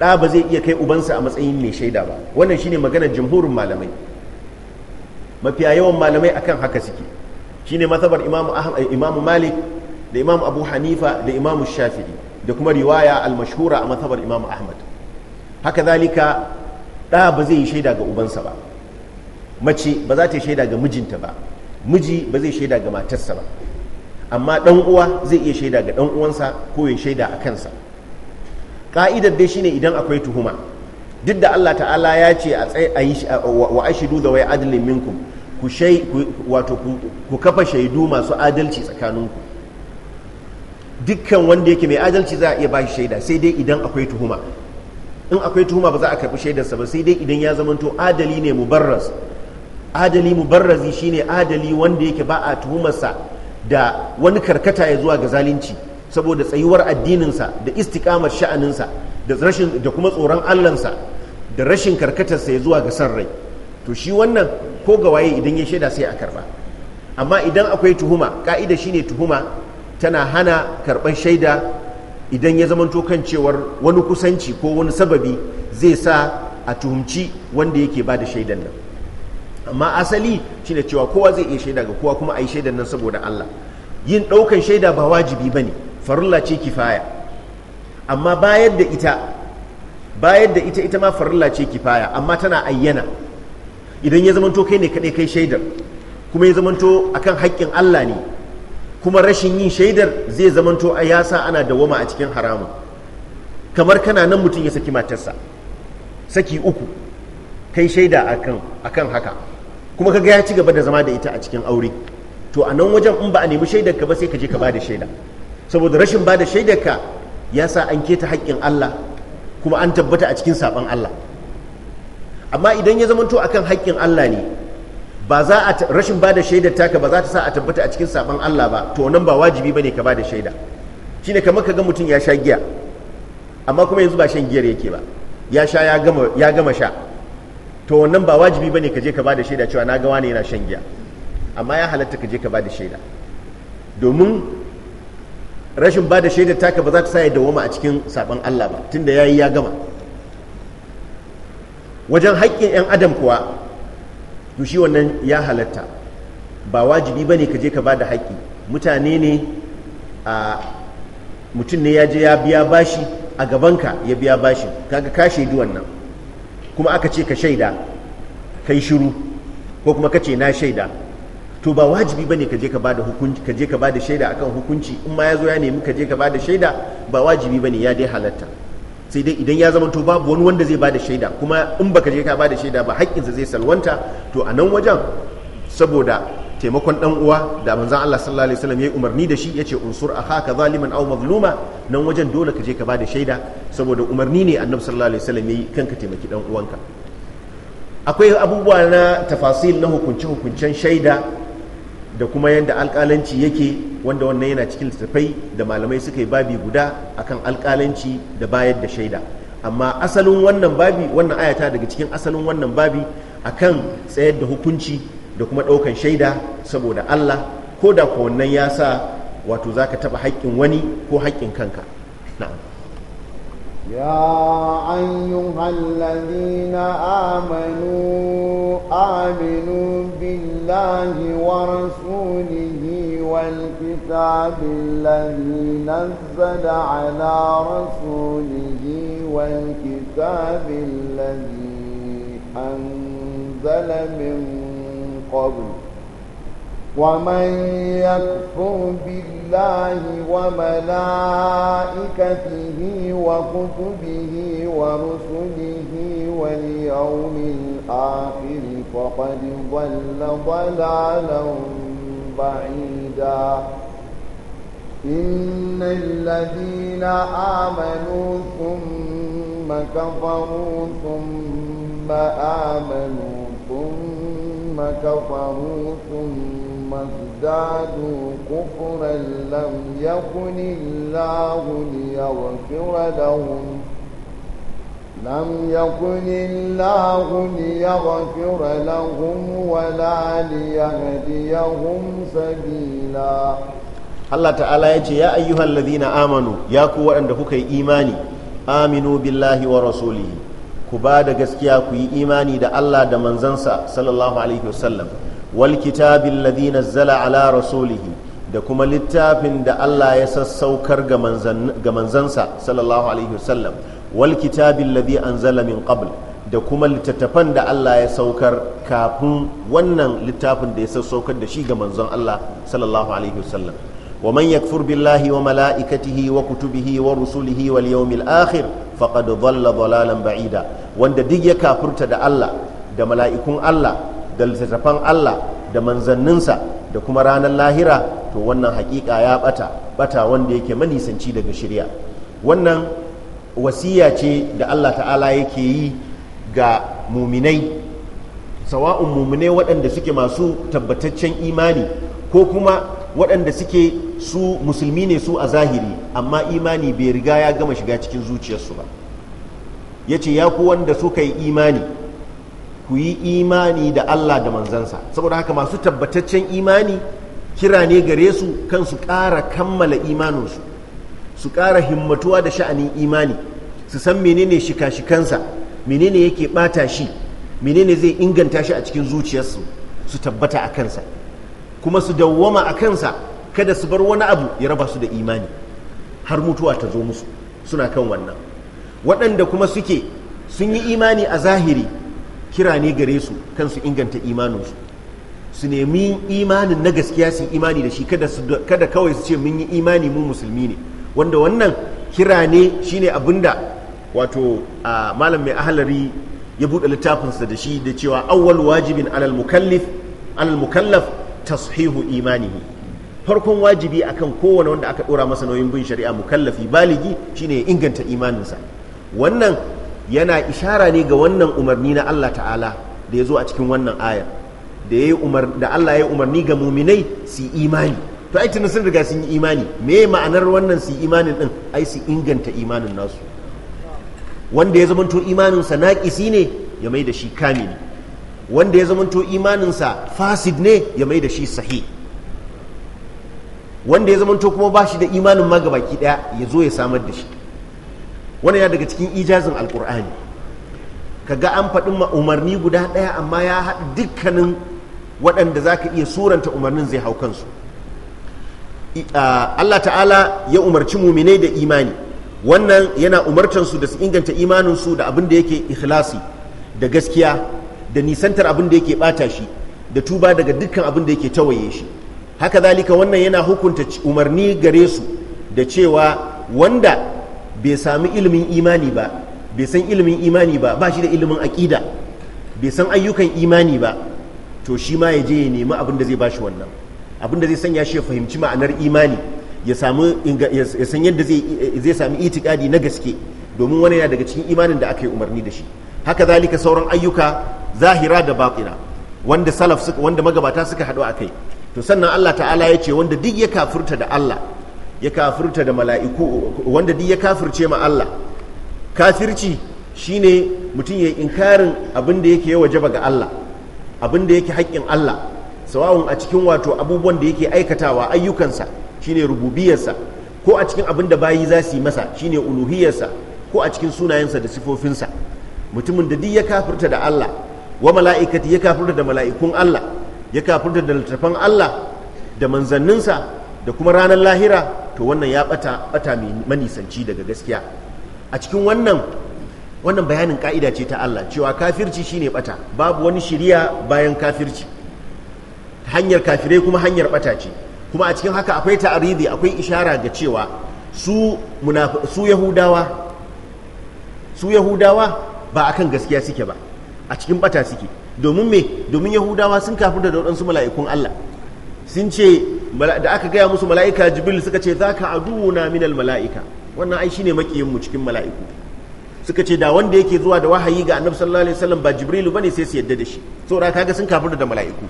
ɗa ba zai iya kai ubansa a matsayin mai shaida ba wannan shine maganar jamhurin malamai mafiya yawan malamai akan haka suke shine mazhabar imamu malik da imamu abu hanifa da imamu shafi'i da kuma riwaya al-mashhura a matsabar imam ahmad haka zalika ɗa ba zai yi shaida ga ubansa ba mace ba za ta yi shaida ga mijinta ba miji ba zai shaida ga matarsa ba amma ɗan uwa zai iya shaida ga ɗan uwansa ko ya shaida a kansa ƙa'idar dai shine idan akwai tuhuma duk da Allah ta'ala ya ce a tsaye wa ashidu da wai adalin minkum ku ku kafa shaidu masu adalci tsakaninku dukkan wanda yake mai adalci za a iya bashi shaida sai dai idan akwai tuhuma in akwai tuhuma ba za a karɓi shaidarsa ba sai dai idan ya zamanto adali ne mubarras adali mubarrazi shine adali wanda yake ba a tuhumarsa da wani karkata ya zuwa ga zalunci saboda tsayuwar addininsa da istikamar sha'aninsa da rashin da kuma tsoron allansa da rashin karkatarsa ya zuwa ga san rai to shi wannan ko ga waye idan ya shaida sai a karba amma idan akwai tuhuma ka'ida shine tuhuma tana hana karɓar shaida idan ya zamanto kan cewar wani kusanci ko wani sababi zai sa a tuhumci wanda yake ba da shaidan nan amma asali shine cewa kowa zai iya shaida ga kowa kuma a yi shaidan nan saboda Allah yin ɗaukan shaida ba wajibi ba ne farilla ce kifaya amma bayar da ita bayar da ita ita ma farilla ce kifaya amma tana ayyana idan ya zamanto kai ne kaɗai kai shaidar kuma ya zamanto akan haƙƙin Allah ne kuma rashin yin shaidar zai zamanto a yasa ana dawama a cikin haramun kamar kana nan mutum ya saki matarsa saki uku kai shaida kan haka kuma kaga ya ci gaba da zama da ita a cikin aure to a nan wajen in ba a nemi shaidar ka ba sai ka je ka bada shaida saboda rashin bada shaidar ka ya sa an keta haƙƙin Allah kuma an tabbata a cikin saɓan Allah amma idan ya zamanto akan haƙƙin Allah ne ba za a rashin ba da shaidar taka ba za ta sa a tabbata a cikin saban Allah ba to nan ba wajibi ba ne ka ba da shaida ne kamar ka ga mutum ya sha giya amma kuma yanzu ba shan giyar yake ba ya sha ya gama ya gama sha to wannan ba wajibi ba ne ka je ka ba da shaida cewa na ga wani yana shan giya amma ya halatta ka je ka ba da shaida domin rashin ba da shaidar taka ba za ta sa ya dawoma a cikin saban Allah ba tunda yayi ya gama wajen haƙƙin 'yan adam kuwa to shi wannan ya halatta ba wajibi bane ka je ka bada haƙƙi mutane ne a mutum ne ya je ya biya bashi a gabanka ya biya bashi kaga ka shaidu wannan kuma aka ce ka shaida kai shiru ko kuma ka ce na shaida to ba wajibi bane ka je ka bada hukunci ka je ka bada shaida akan hukunci in ma ya zo ya nemi ka je ka bada shaida ba wajibi bane ya dai halatta sai dai idan ya zama to babu wani wanda zai bada shaida kuma in baka je ka bada shaida ba haƙƙinsa zai salwanta to a nan wajen saboda taimakon dan uwa da manzon Allah sallallahu alaihi wasallam yayi umarni da shi yace unsur akhaka zaliman aw mazluma nan wajen dole ka je ka bada shaida saboda umarni ne annabi sallallahu alaihi wasallam yayi kanka taimaki dan uwanka akwai abubuwa na tafasil na hukunce hukuncen shaida da kuma yadda alkalanci yake wanda wannan yana cikin littattafai da malamai suka yi babi guda akan alkalanci da bayar da shaida amma asalin wannan babi wannan ayata daga cikin asalin wannan babi a kan tsayar da hukunci da kuma ɗaukan shaida saboda Allah ko da ko wannan ya sa wato za ka taɓa haƙƙin wani ko haƙƙin kanka na'am
يا أيها الذين آمنوا آمنوا بالله ورسوله والكتاب الذي نزل على رسوله والكتاب الذي أنزل من قبل ومن يكفر بالله وملائكته وكتبه ورسله واليوم الآخر فقد ضل ضلالا بعيدا إن الذين آمنوا ثم كفروا ثم آمنوا ثم كفروا ثم Masu dadi ku furan lamyan gudin lagun ya wani kira da huu. Lamyan gudin lagun
Allah Ta'ala ya ce, ya ayyuhan Rabi'u Amanu, ya ko waɗanda kuka yi imani Aminu bil'ahi wa Rasuluhu. Ku ba da gaskiya ku yi imani da Allah da manzansa, sallallahu alaihi wa wal kitabil ladhi nazzala ala rasulihi da kuma littafin da Allah ya sassaukar ga manzansa sallallahu alaihi wasallam wal kitabil ladhi anzala min qabl da kuma littattafan da Allah ya saukar kafin wannan littafin da ya sassaukar da shi ga manzon Allah sallallahu alaihi wasallam wa man yakfur billahi wa mala'ikatihi wa kutubihi wa rusulihi wal yawmil akhir faqad dhalla dhalalan ba'ida wanda duk ya kafurta da Allah da mala'ikun Allah da littattafan Allah da manzanninsa da kuma ranar lahira to wannan hakika ya bata bata wanda yake manisanci daga shirya wannan wasiya ce da Allah ta'ala yake yi ga muminai sawa'un muminai waɗanda suke masu tabbataccen imani ko kuma waɗanda suke su musulmi ne su a zahiri amma imani bai riga ya gama shiga cikin zuciyarsu ba ya ce ya ku wanda suka yi imani ku yi imani da Allah da manzansa saboda haka masu tabbataccen imani kira ne gare su kan su ƙara kammala imaninsu su ƙara himmatuwa da sha'anin imani su san menene shika-shikansa menene yake ɓata shi menene zai inganta shi a cikin zuciyarsu su tabbata a kansa kuma su dawwama a kansa kada su bar wani abu ya raba su da imani har mutuwa ta zo musu suna kan wannan waɗanda kuma suke sun yi imani a zahiri kira ne gare su kan su inganta imaninsu su nemi imanin na gaskiya su imani da shi kada kawai su ce mun yi imani mu musulmi ne wanda wannan kira ne shine abinda wato malam mai ahalari ya buɗe littafinsa da shi da cewa awwal wajibin alal mukallaf tashihu imanihi farkon wajibi akan kowane wanda aka ɗora masa nauyin bin shari'a mukallafi baligi shine ya inganta imaninsa wannan yana ishara ne ga wannan umarni na Allah ta'ala da ya zo a cikin wannan ayar da Allah ya yi umarni ga muminai su imani to ai tunan sun riga sun yi imani me ma'anar wannan su imanin din ai su inganta imanin nasu wanda ya zamanto imaninsa naƙisi ne ya mai da shi kamili wanda ya zamanto imaninsa fasid ne ya mai da shi sahi wanda ya zamanto kuma ba shi da imanin magabaki gabaki ɗaya ya zo ya samar da shi wani ya daga cikin ijazin alkur'ani ga an faɗin ma umarni guda ɗaya amma ya haɗa dukkanin waɗanda za ka iya suranta umarnin zai hau kansu Allah ta'ala ya umarci muminai da imani wannan yana umartansu da su inganta imaninsu da abin da yake ikhlasi da gaskiya da nisantar abin da yake bata shi da tuba daga dukkan abin da yake tawaye shi haka zalika wannan yana hukunta umarni gare su da cewa wanda bai sami ilimin imani ba bai san ilimin imani ba ba shi da ilimin aƙida bai san ayyukan imani ba to shi ma ya je ya nemi abin da zai ba shi wannan abin da zai sanya shi ya fahimci ma'anar imani ya samu ya san yadda zai sami itikadi na gaske domin wani yana daga cikin imanin da aka yi umarni da shi haka zalika sauran ayyuka zahira da baƙina wanda salaf suka wanda magabata suka haɗu a kai to sannan Allah ta'ala ya ce wanda duk ya kafurta da Allah ya kafirta da mala'iku wanda duk ya kafirce ma Allah kafirci shine mutum ya inkarin abin da yake yawa jaba ga Allah abin da yake haƙƙin Allah sawa'un a cikin wato abubuwan da yake aikatawa ayyukansa shine rububiyarsa ko a cikin abin da bayi za su yi masa shine uluhiyarsa ko a cikin sunayensa da sifofinsa mutumin da duk ya kafirta da Allah wa mala'ikati ya kafirta da mala'ikun Allah ya kafirta da littattafan Allah da manzanninsa da kuma ranar lahira to wannan ya bata bata mai manisanci daga gaskiya a cikin wannan wannan bayanin ka'ida ce ta Allah cewa kafirci shine bata babu wani shiriya bayan kafirci hanyar kafirai kuma hanyar bata ce kuma a cikin haka akwai ta'aridi akwai ishara ga cewa su su yahudawa su yahudawa ba akan gaskiya suke ba a cikin bata suke domin me domin yahudawa sun kafirta da su mala'ikun Allah sun ce da aka gaya musu mala'ika jibril suka ce za ka aduna minal mala'ika wannan ai shine makiyin mu cikin mala'iku suka ce da wanda yake zuwa da wahayi ga annabi sallallahu alaihi wasallam ba jibrilu bane sai su yadda da shi saboda kaga sun kafirta da mala'iku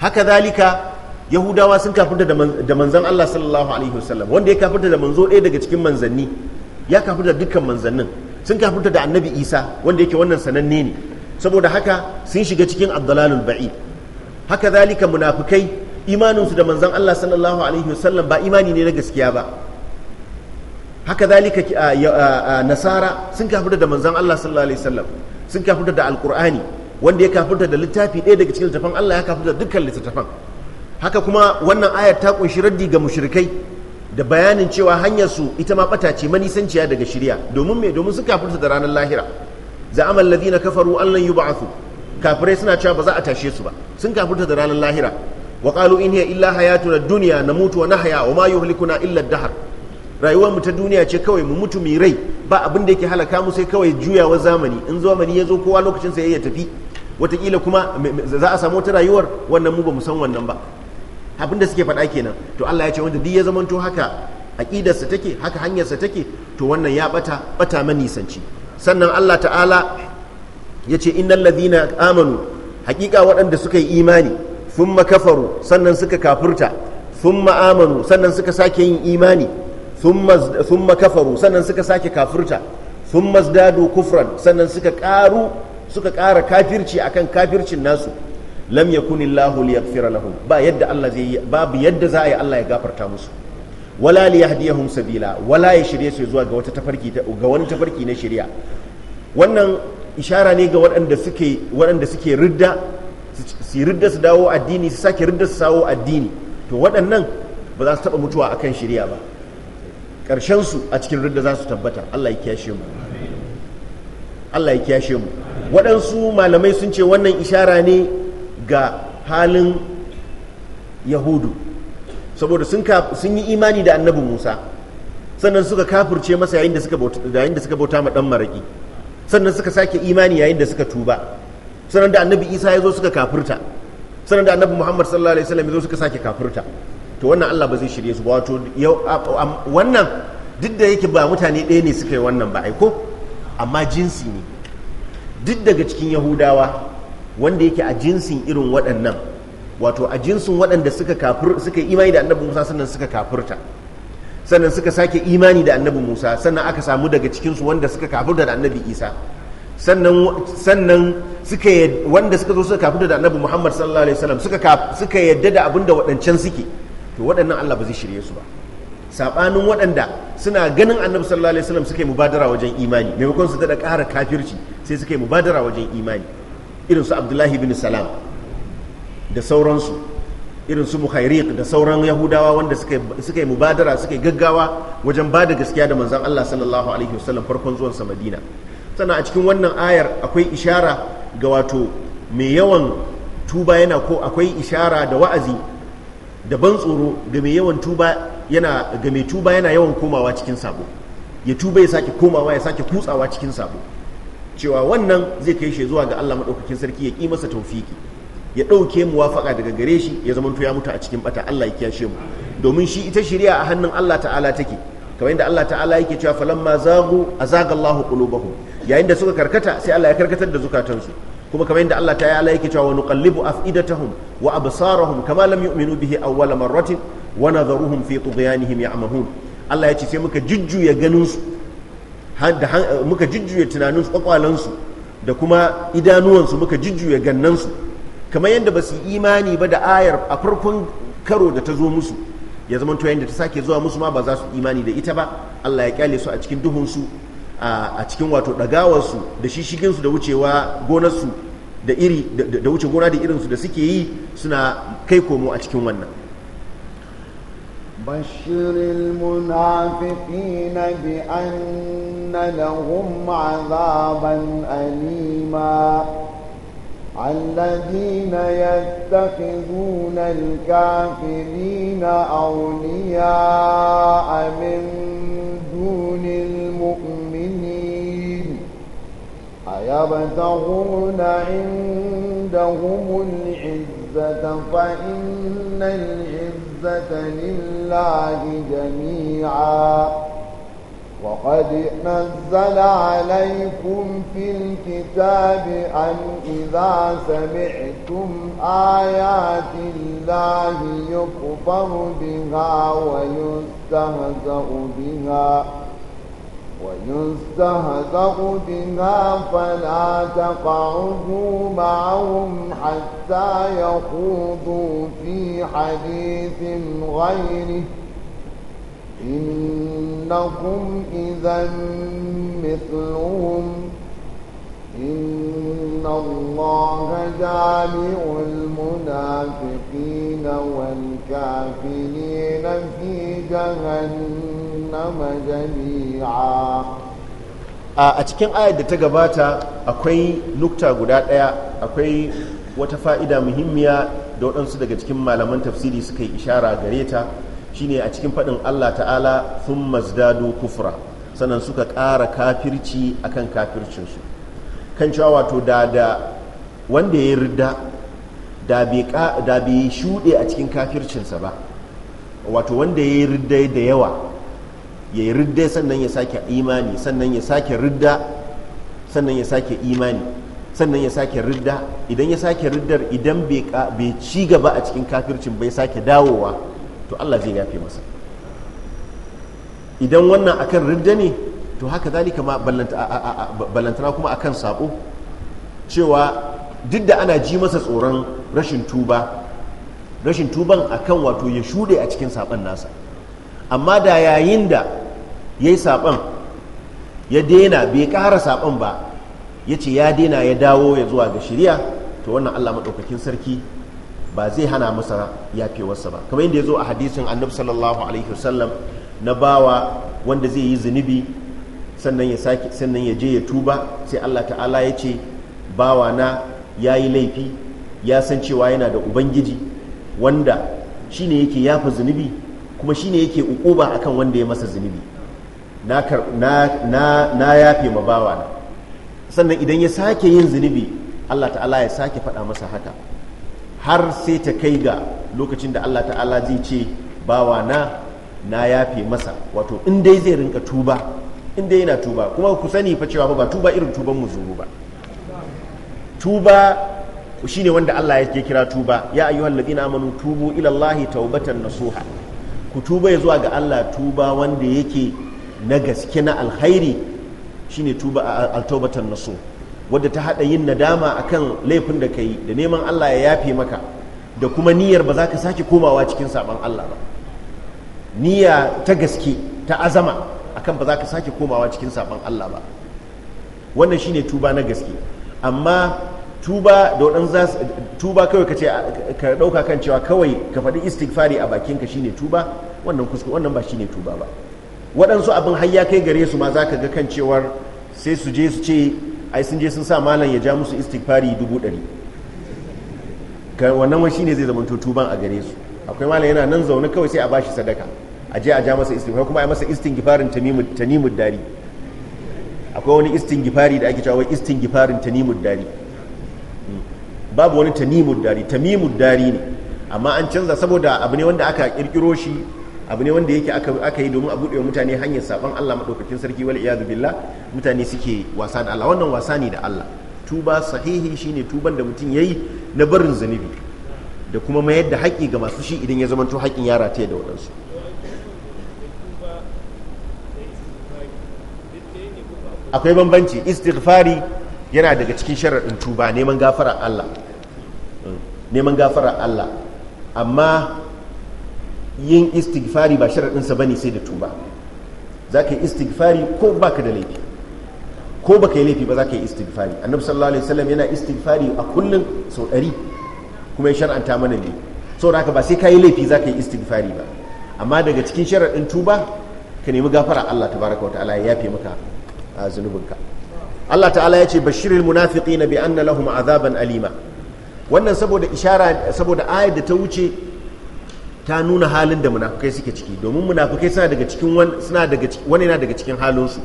haka zalika yahudawa sun kafirta da manzon Allah sallallahu alaihi wasallam wanda ya kafirta da manzo ɗaya daga cikin manzanni ya kafirta dukkan manzannin sun kafirta da annabi isa wanda yake wannan sananne ne saboda haka sun shiga cikin abdalalul ba'i haka zalika munafikai imaninsu da manzan Allah sallallahu alaihi wasallam ba imani ne na gaskiya ba haka zalika nasara sun kafirta da manzan Allah sallallahu alaihi wasallam sun kafirta da alkur'ani wanda ya kafirta da littafi ɗaya daga cikin littafan Allah ya kafirta da dukkan littattafan haka kuma wannan ayar ta kunshi raddi ga mushrikai da bayanin cewa hanyar su ita ma bata ce manisanciya daga shirya domin me domin sun kafirta da ranar lahira za'amal ladina kafaru an lan yub'athu kafirai suna cewa ba za a tashe su ba sun kafirta da ranar lahira wa qalu in hiya illa duniya na namutu wa haya wa ma yuhlikuna illa dahar rayuwarmu rayuwar mu ta duniya ce kawai mu mutu mai rai ba abin da yake halaka mu sai kawai juyawa zamani in zamani ya zo kowa lokacin sai ya tafi watakila kuma za a samu wata rayuwar wannan mu ba mu san wannan ba abin da suke faɗa kenan to Allah ya ce wanda duk ya zama to haka aƙidarsa take haka hanyarsa take to wannan ya bata bata manisanci sannan Allah ta'ala ya ce innal ladina amanu haƙiƙa waɗanda suka yi imani Sun kafaru sannan suka kafurta. Sun amanu sannan suka sake yin imani Sun kafaru sannan suka sake Sun thumma zdadu kufran sannan suka karu suka kara kafirci akan kafircin nasu lam ya illahu liyaghfira lahum ba yadda Allah zai babu yadda za a yi Allah ya gafarta musu wala li yahdiyahum sabila wala ya shirye su zuwa ga wata tafarki ga wani tafarki na shari'a wannan ishara ne ga waɗanda suke waɗanda suke ridda su ridda su dawo addini su sake ridda su sawo addini to waɗannan ba za su taɓa mutuwa akan shirya ba ƙarshen su a cikin ridda za su tabbata Allah ya kiyashe mu Allah ya mu waɗansu malamai sun ce wannan ishara ne ga halin yahudu saboda sun yi imani da annabi musa sannan suka kafirce masa yayin da suka bauta ma ɗan maraki sannan suka sake imani yayin da suka tuba sanar da annabi isa ya zo suka kafirta sanar da annabi muhammad sallallahu alaihi wasallam ya zo suka sake kafirta to wannan allah ba zai shirye su ba wato wannan duk da yake ba mutane ɗaya ne suka yi wannan ba aiko amma jinsi ne duk daga cikin yahudawa wanda yake a jinsin irin waɗannan wato a jinsin waɗanda suka kafir suka imani da annabi musa sannan suka kafirta sannan suka sake imani da annabi musa sannan aka samu daga cikinsu wanda suka kafirta da annabi isa sannan suka wanda suka zo suka kafin da annabi muhammad sallallahu alaihi wasallam suka suka yadda da abin da waɗancan suke to waɗannan allah ba zai shirye su ba saɓanin waɗanda suna ganin annabi sallallahu alaihi wasallam suka yi mubadara wajen imani maimakon su daɗa ƙara kafirci sai suka yi mubadara wajen imani irin su abdullahi bin salam da sauransu irin su muhairiq da sauran yahudawa wanda suka yi mubadara suka yi gaggawa wajen ba da gaskiya da manzon allah sallallahu alaihi wasallam farkon zuwansa madina sannan a cikin wannan ayar akwai ishara ga wato mai yawan tuba yana ko akwai ishara da wa'azi da ban tsoro ga mai yawan tuba yana ga mai tuba yana yawan komawa cikin sabo ya tuba ya sake komawa ya sake kutsawa cikin sabo cewa wannan zai kai shi zuwa ga Allah madaukakin sarki ya ki masa taufiki ya dauke mu muwafaka daga gare shi ya zamanto ya mutu a cikin bata Allah ya kiyashe mu domin shi ita shari'a a hannun Allah ta'ala take kamar yadda Allah ta'ala yake cewa falamma zagu azaga Allahu qulubahum yayin da suka karkata sai Allah ya karkatar da zukatansu kuma kamar yadda Allah ta yi Allah yake cewa wa nuqallibu afidatahum wa absarahum kama lam yu'minu bihi awwala marratin wa nadharuhum fi tughyanihim ya'mahun Allah ya ce sai muka jujjuya ganin su muka jujjuya tunanin su kwakwalen su da kuma idanuwan su muka jujjuya gannan su kamar yadda ba su imani ba da ayar a farkon karo da ta zo musu ya zama to yadda ta sake zuwa musu ma ba za su imani da ita ba Allah ya kyale su a cikin duhun su a cikin wato ɗagawarsu da shishiginsu da wucewa gonarsu da iri da wuce gona da irinsu da suke yi suna kai komo a cikin wannan
بشر المنافقين بأن لهم عذابا أليما الذين يتخذون الكافرين أولياء من يبتغون عندهم العزة فإن العزة لله جميعا وقد نزل عليكم في الكتاب أن إذا سمعتم آيات الله يكفر بها ويستهزأ بها ويستهزأ بنا فلا تقعدوا معهم حتى يخوضوا في حديث غيره إنكم إذا مثلهم إن الله جامع المنافقين والكافرين في جهنم jahannama jami'a
a cikin ayar da ta gabata akwai nukta guda ɗaya akwai wata fa'ida muhimmiya da waɗansu daga cikin malaman tafsiri suka yi ishara gare ta shine a cikin faɗin Allah ta'ala sun mazdado kufra sannan suka ƙara kafirci akan kafircinsu kan cewa wato da da wanda ya rida da bai shuɗe a cikin kafircinsa ba wato wanda ya rida da yawa ya yi ridda sannan ya sake imani sannan ya sake ridda sannan ya sake imani sannan ya sake ridda idan ya sake riddar idan bai ci gaba a cikin kafircin bai sake dawowa to Allah zai yafe masa idan wannan akan ridda ne to haka zalika ma ballantana kuma akan sabo cewa duk da ana ji masa tsoron rashin tuba rashin tuban akan wato ya shuɗe a cikin saɓon nasa amma da yayin da ya yi saɓon ya daina bai ƙara saɓon ba ya ce ya daina ya dawo ya zuwa ga shirya to wannan allah maɗaukakin sarki ba zai hana masa wasa ba kamar yadda ya zo a hadisin annabi sallallahu alaihi wasallam na bawa wanda zai yi zunubi sannan ya je ya tuba sai allah ta'ala ya ce bawa na ya yi laifi ya san cewa yana da ubangiji wanda shine yake yafa zunubi kuma shine yake ukuba akan wanda ya masa zunubi na na na yafe ma bawa sannan idan ya sake yin zunubi Allah ta'ala ya sake faɗa masa haka har sai ta kai ga lokacin da Allah ta'ala zai ce bawa na na yafe masa wato in dai zai rinka tuba in dai yana tuba kuma ku sani fa cewa ba tuba irin tuban muzuru ba tuba shine wanda Allah ya kira tuba ya ayyuhal ladina amanu tubu ila Allah taubatan nasuha ku tuba zuwa ga Allah tuba wanda yake na gaske na alkhairi shine tuba na naso wadda ta hada yin nadama akan laifin da kai da neman Allah ya yafe maka da kuma niyyar ba za ka sake komawa cikin saban Allah ba niyya ta gaske ta azama akan ba za ka sake komawa cikin saban Allah ba wannan shine tuba na gaske amma tuba da tuba kawai ka ce ka ɗauka kan cewa kawai ka faɗi istighfari a bakinka shine tuba wannan kuskure wannan ba shine tuba ba waɗansu abin har ya kai gare su ma za ka ga kan cewar sai su je su ce ai sun je sun sa malam ya ja musu istighfari dubu ɗari wannan wani shine zai zama tuban a gare su akwai malam yana nan zaune kawai sai a bashi sadaka a je a ja masa istighfari kuma a masa istighfarin tanimud dari akwai wani istighfari da ake cewa istighfarin tanimud dari hmm. babu wani tanimud dari tamimud dari ne amma an canza saboda abu ne wanda aka kirkiro shi abu ne wanda yake aka yi domin a buɗe mutane hanyar saban Allah maɗaukakin sarki wal iyadu billah mutane suke wasa da Allah wannan wasa ne da Allah tuba sahihi shine tuban da mutum yayi na barin zanibi da kuma mayar da haƙƙi ga masu shi idan ya zamanto haƙƙin yara ta da waɗansu akwai bambanci istighfari yana daga cikin sharaɗin tuba neman Allah neman gafara Allah amma yin istighfari ba sharaɗinsa ba ne sai da tuba za ka yi istighfari ko ba ka da laifi ko ba ka yi laifi ba za ka yi istighfari annabi sallallahu alaihi wasallam yana istighfari a kullum sau ɗari kuma ya shar'anta mana ne sau haka ba sai ka yi laifi za ka yi istighfari ba amma daga cikin sharaɗin tuba ka nemi gafara Allah ta baraka wata ya yafe maka zunubinka Allah ta'ala ya ce bashirul munafiqina bi anna lahum azaban alima wannan saboda ishara saboda ayar da ta wuce ta nuna halin da munafukai suke ciki domin munafukai suna daga cikin wani yana daga cikin halinsu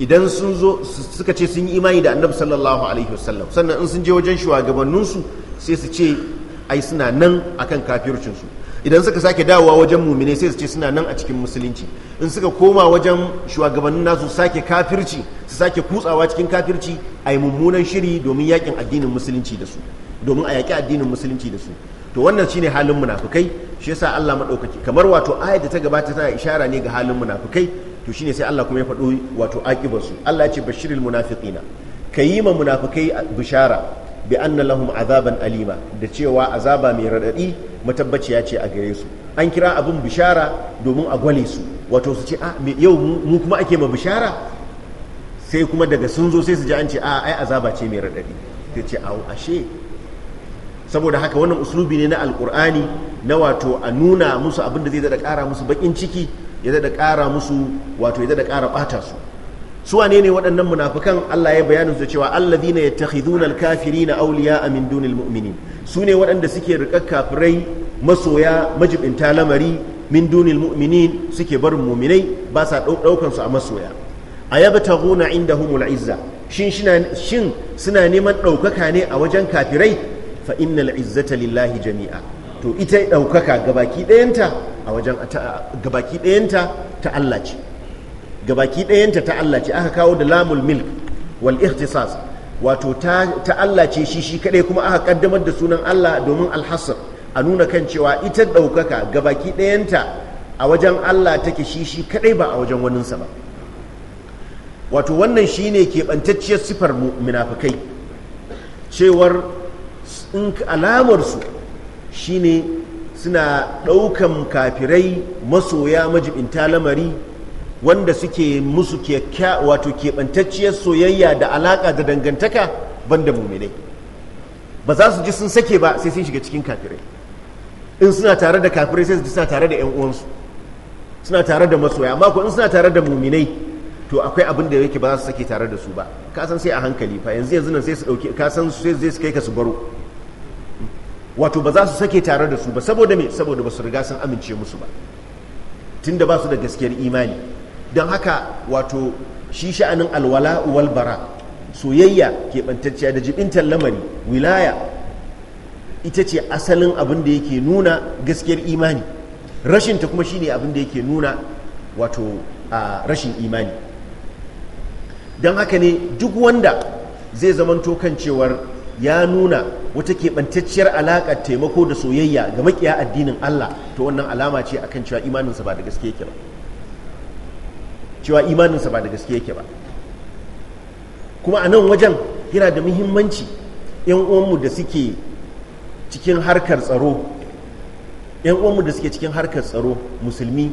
idan sun zo suka ce sun yi imani da annabi sallallahu alaihi wasallam sannan in sun je wajen shugabanninsu sai su ce ai suna nan akan kafircinsu idan suka sake dawowa wajen mumine sai su ce suna nan a cikin musulunci in suka koma wajen shugabannin nasu sake kafirci su sake kutsawa cikin kafirci ai mummunan shiri domin yakin addinin musulunci da su domin a yaƙi addinin musulunci da su to wannan shine halin munafikai shi yasa Allah madaukaki kamar wato ayat da ta gabata tana ishara ne ga halin munafikai to shine sai Allah kuma ya faɗo wato aqibar su Allah ya ce bashiril munafiqina kayi ma munafikai bishara bi anna lahum azaban alima da cewa azaba mai radadi matabbaciya ce a gare su an kira abun bishara domin a gwale su wato su ce ah, yau mu kuma ake ma bishara sai kuma daga sun zo sai su ji an ce a ah, ai azaba ce mai radadi ta ce ashe saboda haka wannan uslubi ne na alkur'ani na wato a nuna musu abin da zai daɗa ƙara musu baƙin ciki ya daɗa ƙara musu wato ya daɗa ƙara ɓata su su wane ne waɗannan munafukan Allah ya bayanin su cewa allazina kafiri na auliya min dunil mu'minin su ne waɗanda suke rika kafirai masoya majibinta lamari min mumini suke barin mu'minai ba sa ɗaukan su a masoya inda humul izza shin suna neman ɗaukaka ne a wajen kafirai fa innal izzata lillahi jami'a to ita ɗaukaka gabaki ɗayanta ta Allah ce gabaki ɗayanta ta Allah ce aka kawo da lamul milk wal ikhtisas wato ta Allah ce shi shi kaɗai kuma aka kaddamar da sunan Allah domin alhassar a nuna kan cewa ita ɗaukaka gabaki ɗayanta a wajen Allah take shi shi kaɗai ba a wajen waninsa ba wato wannan shine keɓantacciyar sifar munafukai cewar in alamarsu shine suna ɗaukan kafirai masoya majibinta lamari wanda suke musu wato keɓantacciyar soyayya da alaƙa da dangantaka banda muminai ba za su ji sun sake ba sai sun shiga cikin kafirai in suna tare da kafirai sai su ji suna tare da 'yan uwansu suna tare da masoya amma ko in suna tare da muminai to akwai abin da yake ba za su sake tare da su ba ka san sai a hankali fa yanzu yanzu nan sai su dauke ka san sai su kai ka su baro wato ba za su sake tare da su ba saboda me saboda ba su riga sun amince musu ba tunda ba su da gaskiyar imani don haka wato shi sha'anin alwala wal bara soyayya keɓantacciya da jibintar lamari wilaya ita ce asalin abin da yake nuna gaskiyar imani rashinta kuma shine abin da yake nuna wato a rashin imani don haka ne duk wanda zai zamanto kan cewar ya nuna wata keɓantacciyar alaƙar taimako da soyayya ga makiya addinin Allah ta wannan alama ce akan cewa imaninsa ba da gaske yake ba cewa imaninsa ba da gaske yake ba kuma a nan wajen yana da muhimmanci 'yan uwanmu da suke cikin harkar tsaro 'yan uwanmu da suke cikin harkar tsaro musulmi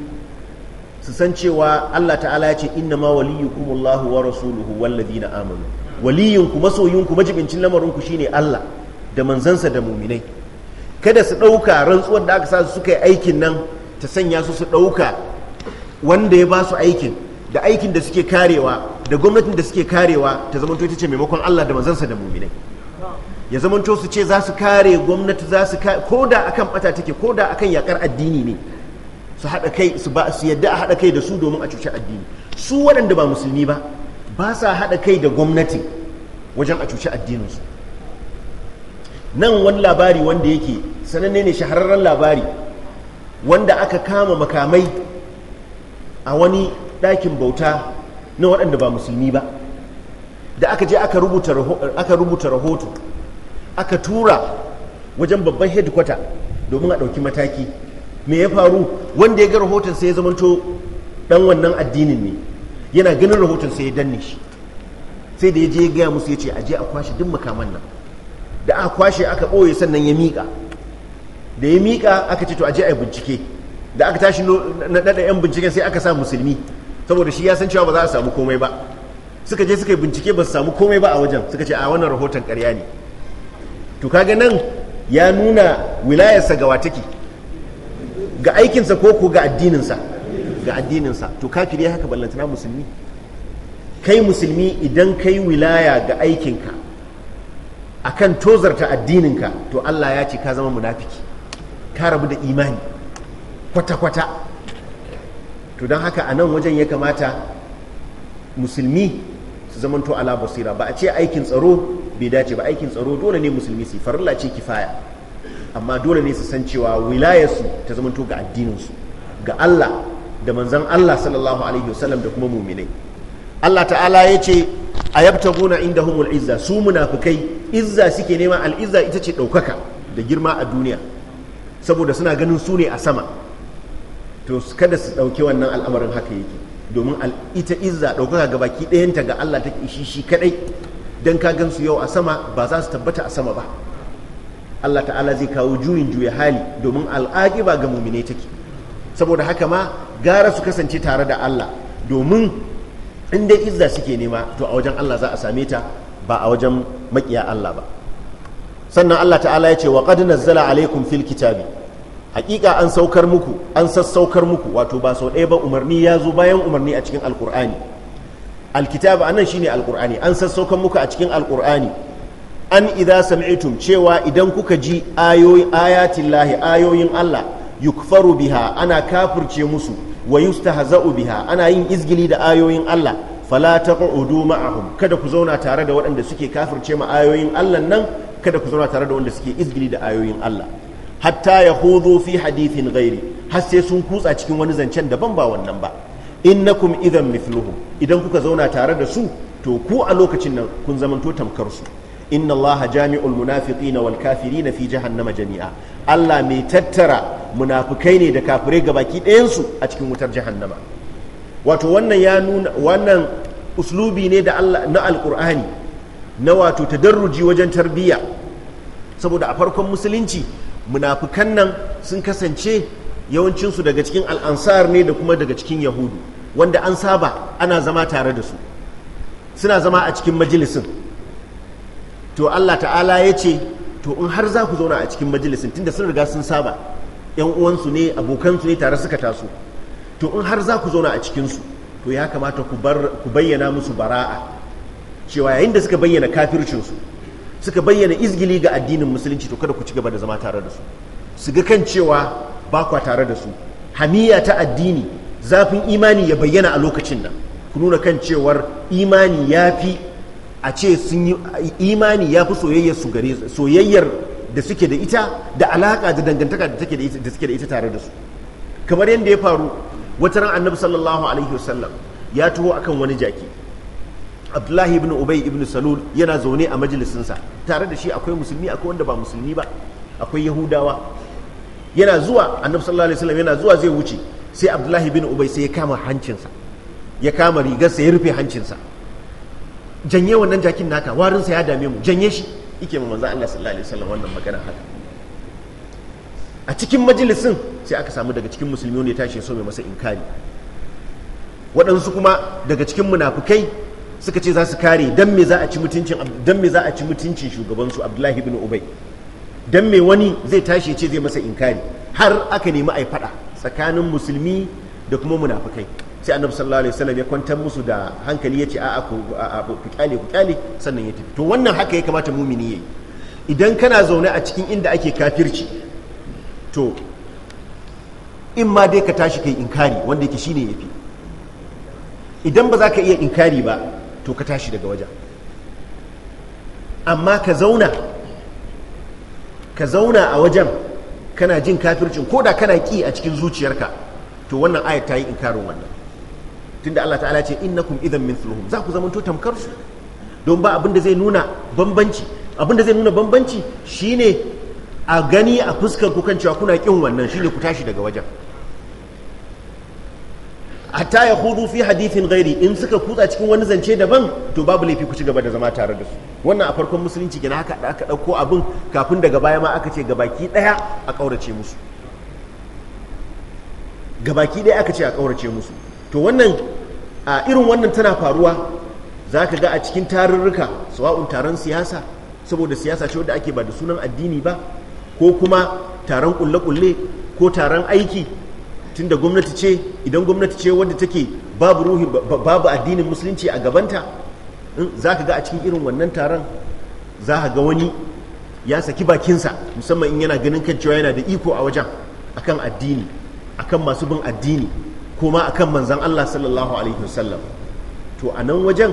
su san cewa Allah ta'ala ya ce inna ma waliyukumullahu wa rasuluhu wallazina amanu waliyinku masoyinku majibincin lamarinku shine Allah da manzansa da muminai kada su ɗauka rantsuwar da aka sa su suka yi aikin nan ta sanya su su ɗauka wanda ya ba su aikin da aikin da suke karewa da gwamnatin da suke karewa ta zama ta ce maimakon Allah da manzansa da muminai ya zamanto su ce za su kare gwamnati za su kare ko da akan bata take ko da akan yakar addini ne su haɗa kai su ba su yadda a haɗa kai da su domin a cuci addini su waɗanda ba musulmi ba ba sa haɗa kai da gwamnati wajen a cuci su nan wani labari wanda yake sananne ne shahararren labari wanda aka kama makamai a wani ɗakin bauta na waɗanda ba musulmi ba da aka je aka rubuta rahoto aka tura wajen babban headquarter domin a ɗauki mataki me ya faru wanda ya ga rahoton sai ya zamanto ɗan wannan addinin ne yana ganin rahoton sai ya danne shi sai da ya je ya gaya musu ya ce a je a kwashe duk makaman nan da aka kwashe aka ɓoye sannan ya miƙa da ya miƙa aka ce to a yi bincike da aka tashi na ɗaɗa 'yan binciken sai aka sa musulmi saboda shi ya san cewa ba za a samu komai ba suka je suka yi bincike ba su samu komai ba a wajen suka ce a wannan rahoton ƙarya ne to kaga nan ya nuna wilayarsa ga wataki ga aikinsa ko ko ga addininsa ga addininsa to kafiri haka ballantana musulmi kai musulmi idan kai wilaya ga aikinka akan tozarta addininka to Allah ya ce ka zama munafiki ka rabu da imani kwata-kwata to don haka a nan wajen ya kamata musulmi su zamanto ala basira ba a ce aikin tsaro bai dace ba aikin tsaro dole ne musulmi su farilla ce kifaya amma dole ne su san cewa wilayarsu ta zamanto ga addininsu ga Allah da manzan Allah sallallahu alaihi wasallam da kuma muminai Allah ta'ala ya ce a yabtaguna inda humul izza su munafukai izza suke nema al'izza ita ce ɗaukaka da girma a duniya saboda suna ganin su ne a sama to kada su ɗauki wannan al'amarin haka yake domin ita izza ɗaukaka ga baki ɗayanta ga Allah take ishi shi kaɗai don ka gan su yau a sama ba za su tabbata a sama ba Allah ta'ala zai kawo juyin juya hali domin al'aƙiba ga mumine take saboda haka ma gara su kasance tare da Allah domin in dai izza suke nema to a wajen Allah za a same ta ba a wajen makiya Allah ba sannan Allah ta'ala ya ce wa qad nazzala alaikum fil kitabi hakika an saukar muku an sassaukar muku wato ba sau ɗaya ba umarni ya zo bayan umarni a cikin Alƙur'ani. alkitabu anan shine alkur'ani an sassaukar muku a cikin alkur'ani an idza sami'tum cewa idan kuka ji ayoyin ayatin lahi ayoyin Allah yukfaru biha ana kafirce musu wa yustahza'u biha ana yin izgili da ayoyin Allah fala taq'udu ma'ahum kada ku zauna tare da waɗanda suke kafirce ma ayoyin Allah nan kada ku zauna tare da waɗanda suke izgili da ayoyin Allah hatta yahudu fi hadithin ghairi har sai sun kutsa cikin wani zancen daban ba wannan ba innakum idan mithluhum idan kuka zauna tare da su to ku a lokacin nan kun zamanto tamkar su inna allaha jami'ul munafiqina wal kafirina fi jahannama jami'a Allah mai tattara munafikai ne da kafirai baki ɗayansu a cikin wutar jahannama wato wannan ya nuna wannan uslubi ne da Allah na alqur'ani na wato tadarruji wajen tarbiyya saboda a farkon musulunci munafikan nan sun kasance yawancinsu daga cikin al'ansar ne da kuma daga cikin yahudu wanda an saba ana zama tare da su suna zama a cikin majalisin to Allah ta'ala ya ce to in har za ku zauna a cikin majalisin tunda sun riga sun saba yan uwansu ne abokansu ne tare suka taso to in har za ku zauna a cikinsu to ya kamata ku bayyana musu bara'a cewa yayin da suka bayyana kafircinsu suka bayyana izgili ga addinin musulunci to kada ku ci gaba da zama tare da su su ga kan cewa ba kwa tare da su hamiya ta addini zafin imani ya bayyana a lokacin nan ku nuna kan cewar imani ya fi a ce sun yi imani ya fi soyayyar su gare da suke da ita da alaka da dangantaka da take da suke da ita tare da su kamar yadda ya faru wata ran annabi sallallahu alaihi wasallam ya taho akan wani jaki abdullahi ibn ubay ibn salul yana zaune a majalisinsa tare da shi akwai musulmi akwai wanda ba musulmi ba akwai yahudawa yana zuwa annabi sallallahu alaihi wasallam yana zuwa zai wuce sai abdullahi ibn ubay sai ya kama hancinsa ya kama rigarsa ya rufe hancinsa janye wannan jakin naka warin sa ya dame mu janye shi ike mu manzo Allah sallallahu alaihi wasallam wannan magana haka a cikin majalisin sai aka samu daga cikin musulmi wanda ya tashi so mai masa inkari waɗansu kuma daga cikin munafukai suka ce za su kare dan me za a ci mutuncin dan me za a ci mutuncin shugaban su Abdullahi ibn Ubay dan me wani zai tashi ya ce zai masa inkari har aka nemi ai fada tsakanin musulmi da kuma munafukai sai annabi sallallahu alaihi wasallam ya kwantar musu da hankali ya ce a'a ku kyale ku kyale sannan ya tafi to wannan haka ya kamata mumini yayi idan kana zaune a cikin inda ake kafirci to in ma dai ka tashi kai inkari wanda yake shine yafi idan ba za ka iya inkari ba to ka tashi daga wajen amma ka zauna ka zauna a wajen kana jin kafircin ko da kana ki a cikin zuciyarka to wannan ayat ta yi inkarin wannan tunda Allah ta'ala ce innakum idan mithluhum za ku zamanto tamkar su don ba abin da zai nuna bambanci abin da zai nuna bambanci shine a gani a fuskar ku kan cewa kuna kin wannan shine ku tashi daga wajen hatta ya hudu fi hadithin gairi in suka kutsa cikin wani zance daban to babu laifi ku ci gaba da zama tare da su wannan a farkon musulunci gina haka da aka ɗauko abin kafin daga baya ma aka ce gabaki ɗaya a ƙaurace gabaki ɗaya aka ce a ƙaurace musu to wannan a irin wannan tana faruwa za ka ga a cikin tarurruka sawa'un taron siyasa saboda siyasa ce wadda ake ba da sunan addini ba ko kuma taron kulle-kulle ko taron aiki tunda gwamnati ce idan gwamnati ce wadda take babu ruhi babu addinin musulunci a gabanta za ka ga a cikin irin wannan taron za ka ga wani ya saki bakinsa musamman in yana ganin kan cewa yana da iko a wajen akan addini akan masu bin addini kuma akan manzan Allah sallallahu alaihi wasallam to a nan wajen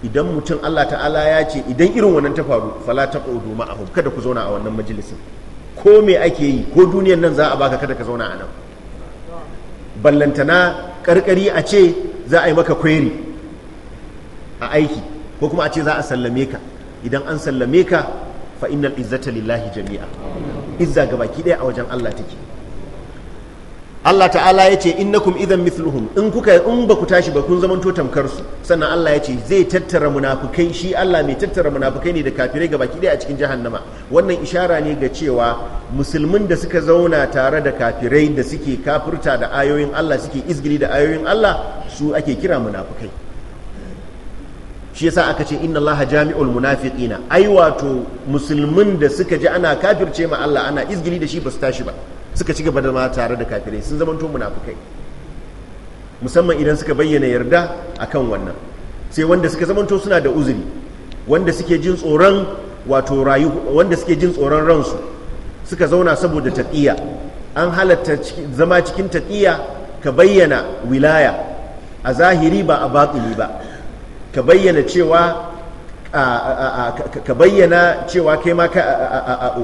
idan mutum Allah ta'ala ya ce idan irin wannan ta faru fala a ma'ahum kada ku zauna a wannan majalisin ko me ake yi ko duniyar nan za a baka kada ka zauna a nan ballantana karkari a ce za a yi maka kweri a aiki ko kuma a ce za a sallame ka idan an sallame ka fa izzata lillahi jami'a izza gabaki daya a wajen Allah take Allah ta'ala ya ce innakum idan mithluhum in kuka in ba ku tashi ba kun zamanto tamkar su sannan Allah ya ce zai tattara munafikai. shi Allah mai tattara munafukai ne da kafirai baki ɗaya a cikin jahannama wannan ishara ne ga cewa musulmin da suka zauna tare da kafirai da suke kafurta da ayoyin Allah suke izgili da ayoyin Allah su ake kira munafukai shi yasa aka ce inna Allah jami'ul munafiqina ai wato musulmin da suka ji ana kafirce ma Allah ana izgili da shi ba su tashi ba suka ci gaba da ma tare da kafirai sun zamanto munafukai musamman idan suka bayyana yarda akan wannan sai wanda suka zamanto suna da uzuri wanda suke jin tsoron wato rayu wanda suke jin tsoron ransu suka zauna saboda taƙiya an halatta zama cikin taƙiya ka bayyana wilaya a zahiri ba a batini ba ka bayyana cewa ka bayyana cewa kai ma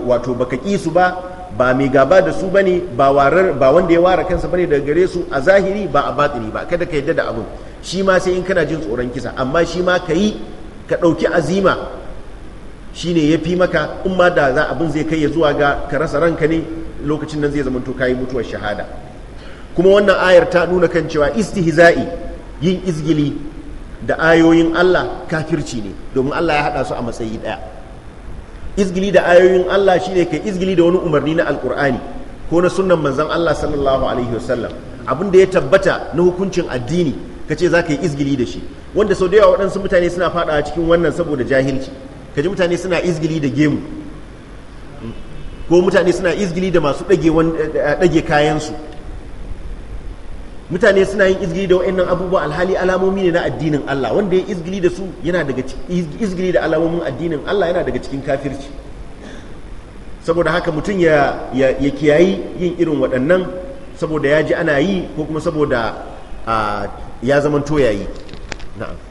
wato baka ƙi su ba ba mai gaba da su bane ba warar ba wanda ya ware kansa bane daga gare su a zahiri ba a batini ba kada ka yadda da abin shi ma sai in kana jin tsoron kisa amma shi ma ka yi ka ɗauki azima shi ne ya fi maka in ma da za abin zai kai ya zuwa ga ka rasa ranka ne lokacin nan zai zama to kayi mutuwar shahada kuma wannan ayar ta nuna kan cewa istihza'i yin izgili da ayoyin Allah kafirci ne domin Allah ya haɗa su a matsayi ɗaya izgili da ayoyin Allah shine kai izgili da wani umarni na alkur'ani ko na sunnan manzon Allah sallallahu alaihi wasallam abin da ya tabbata na hukuncin addini kace ka yi izgili da shi wanda sau da yawa waɗansu mutane suna faɗawa cikin wannan saboda jahilci kaji mutane suna izgili da gemu ko mutane suna izgili da masu ɗage kayansu mutane suna yin izgili da wa'annan abubuwa alhali alamomi ne na addinin Allah wanda ya izgili da su yana daga izgili da alamomin addinin Allah yana daga cikin kafirci saboda haka mutum ya kiyayi yin irin waɗannan saboda ya ji ana yi ko kuma saboda ya zamanto yayi na'am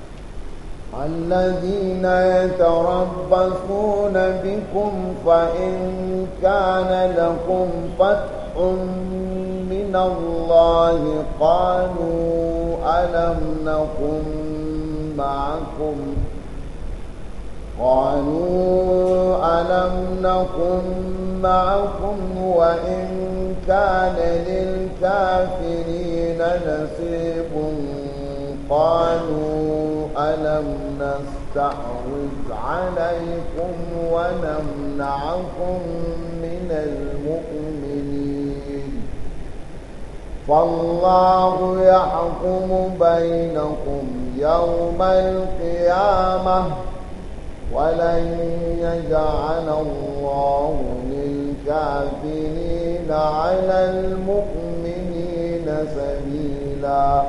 الذين يتربصون بكم فإن كان لكم فتح من الله قالوا ألم نكن معكم قالوا ألم نكن معكم وإن كان للكافرين نصيب قالوا ألم نستعوذ عليكم ونمنعكم من المؤمنين فالله يحكم بينكم يوم القيامة ولن يجعل الله للكافرين على المؤمنين سبيلا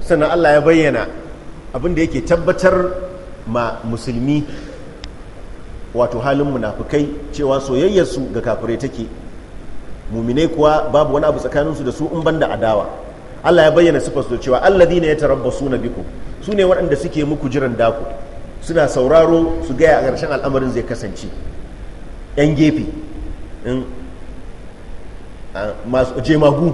سنة الله يبينا abin da yake tabbatar ma musulmi wato halin munafukai cewa soyayyarsu ga kafirai take muminai kuwa babu wani abu tsakaninsu da su in banda adawa Allah ya bayyana sifar su cewa alladhina yatarabbasuna bikum su ne waɗanda suke muku jiran dako suna sauraro su gaya a ƙarshen al'amarin zai kasance yan gefe masu jemagu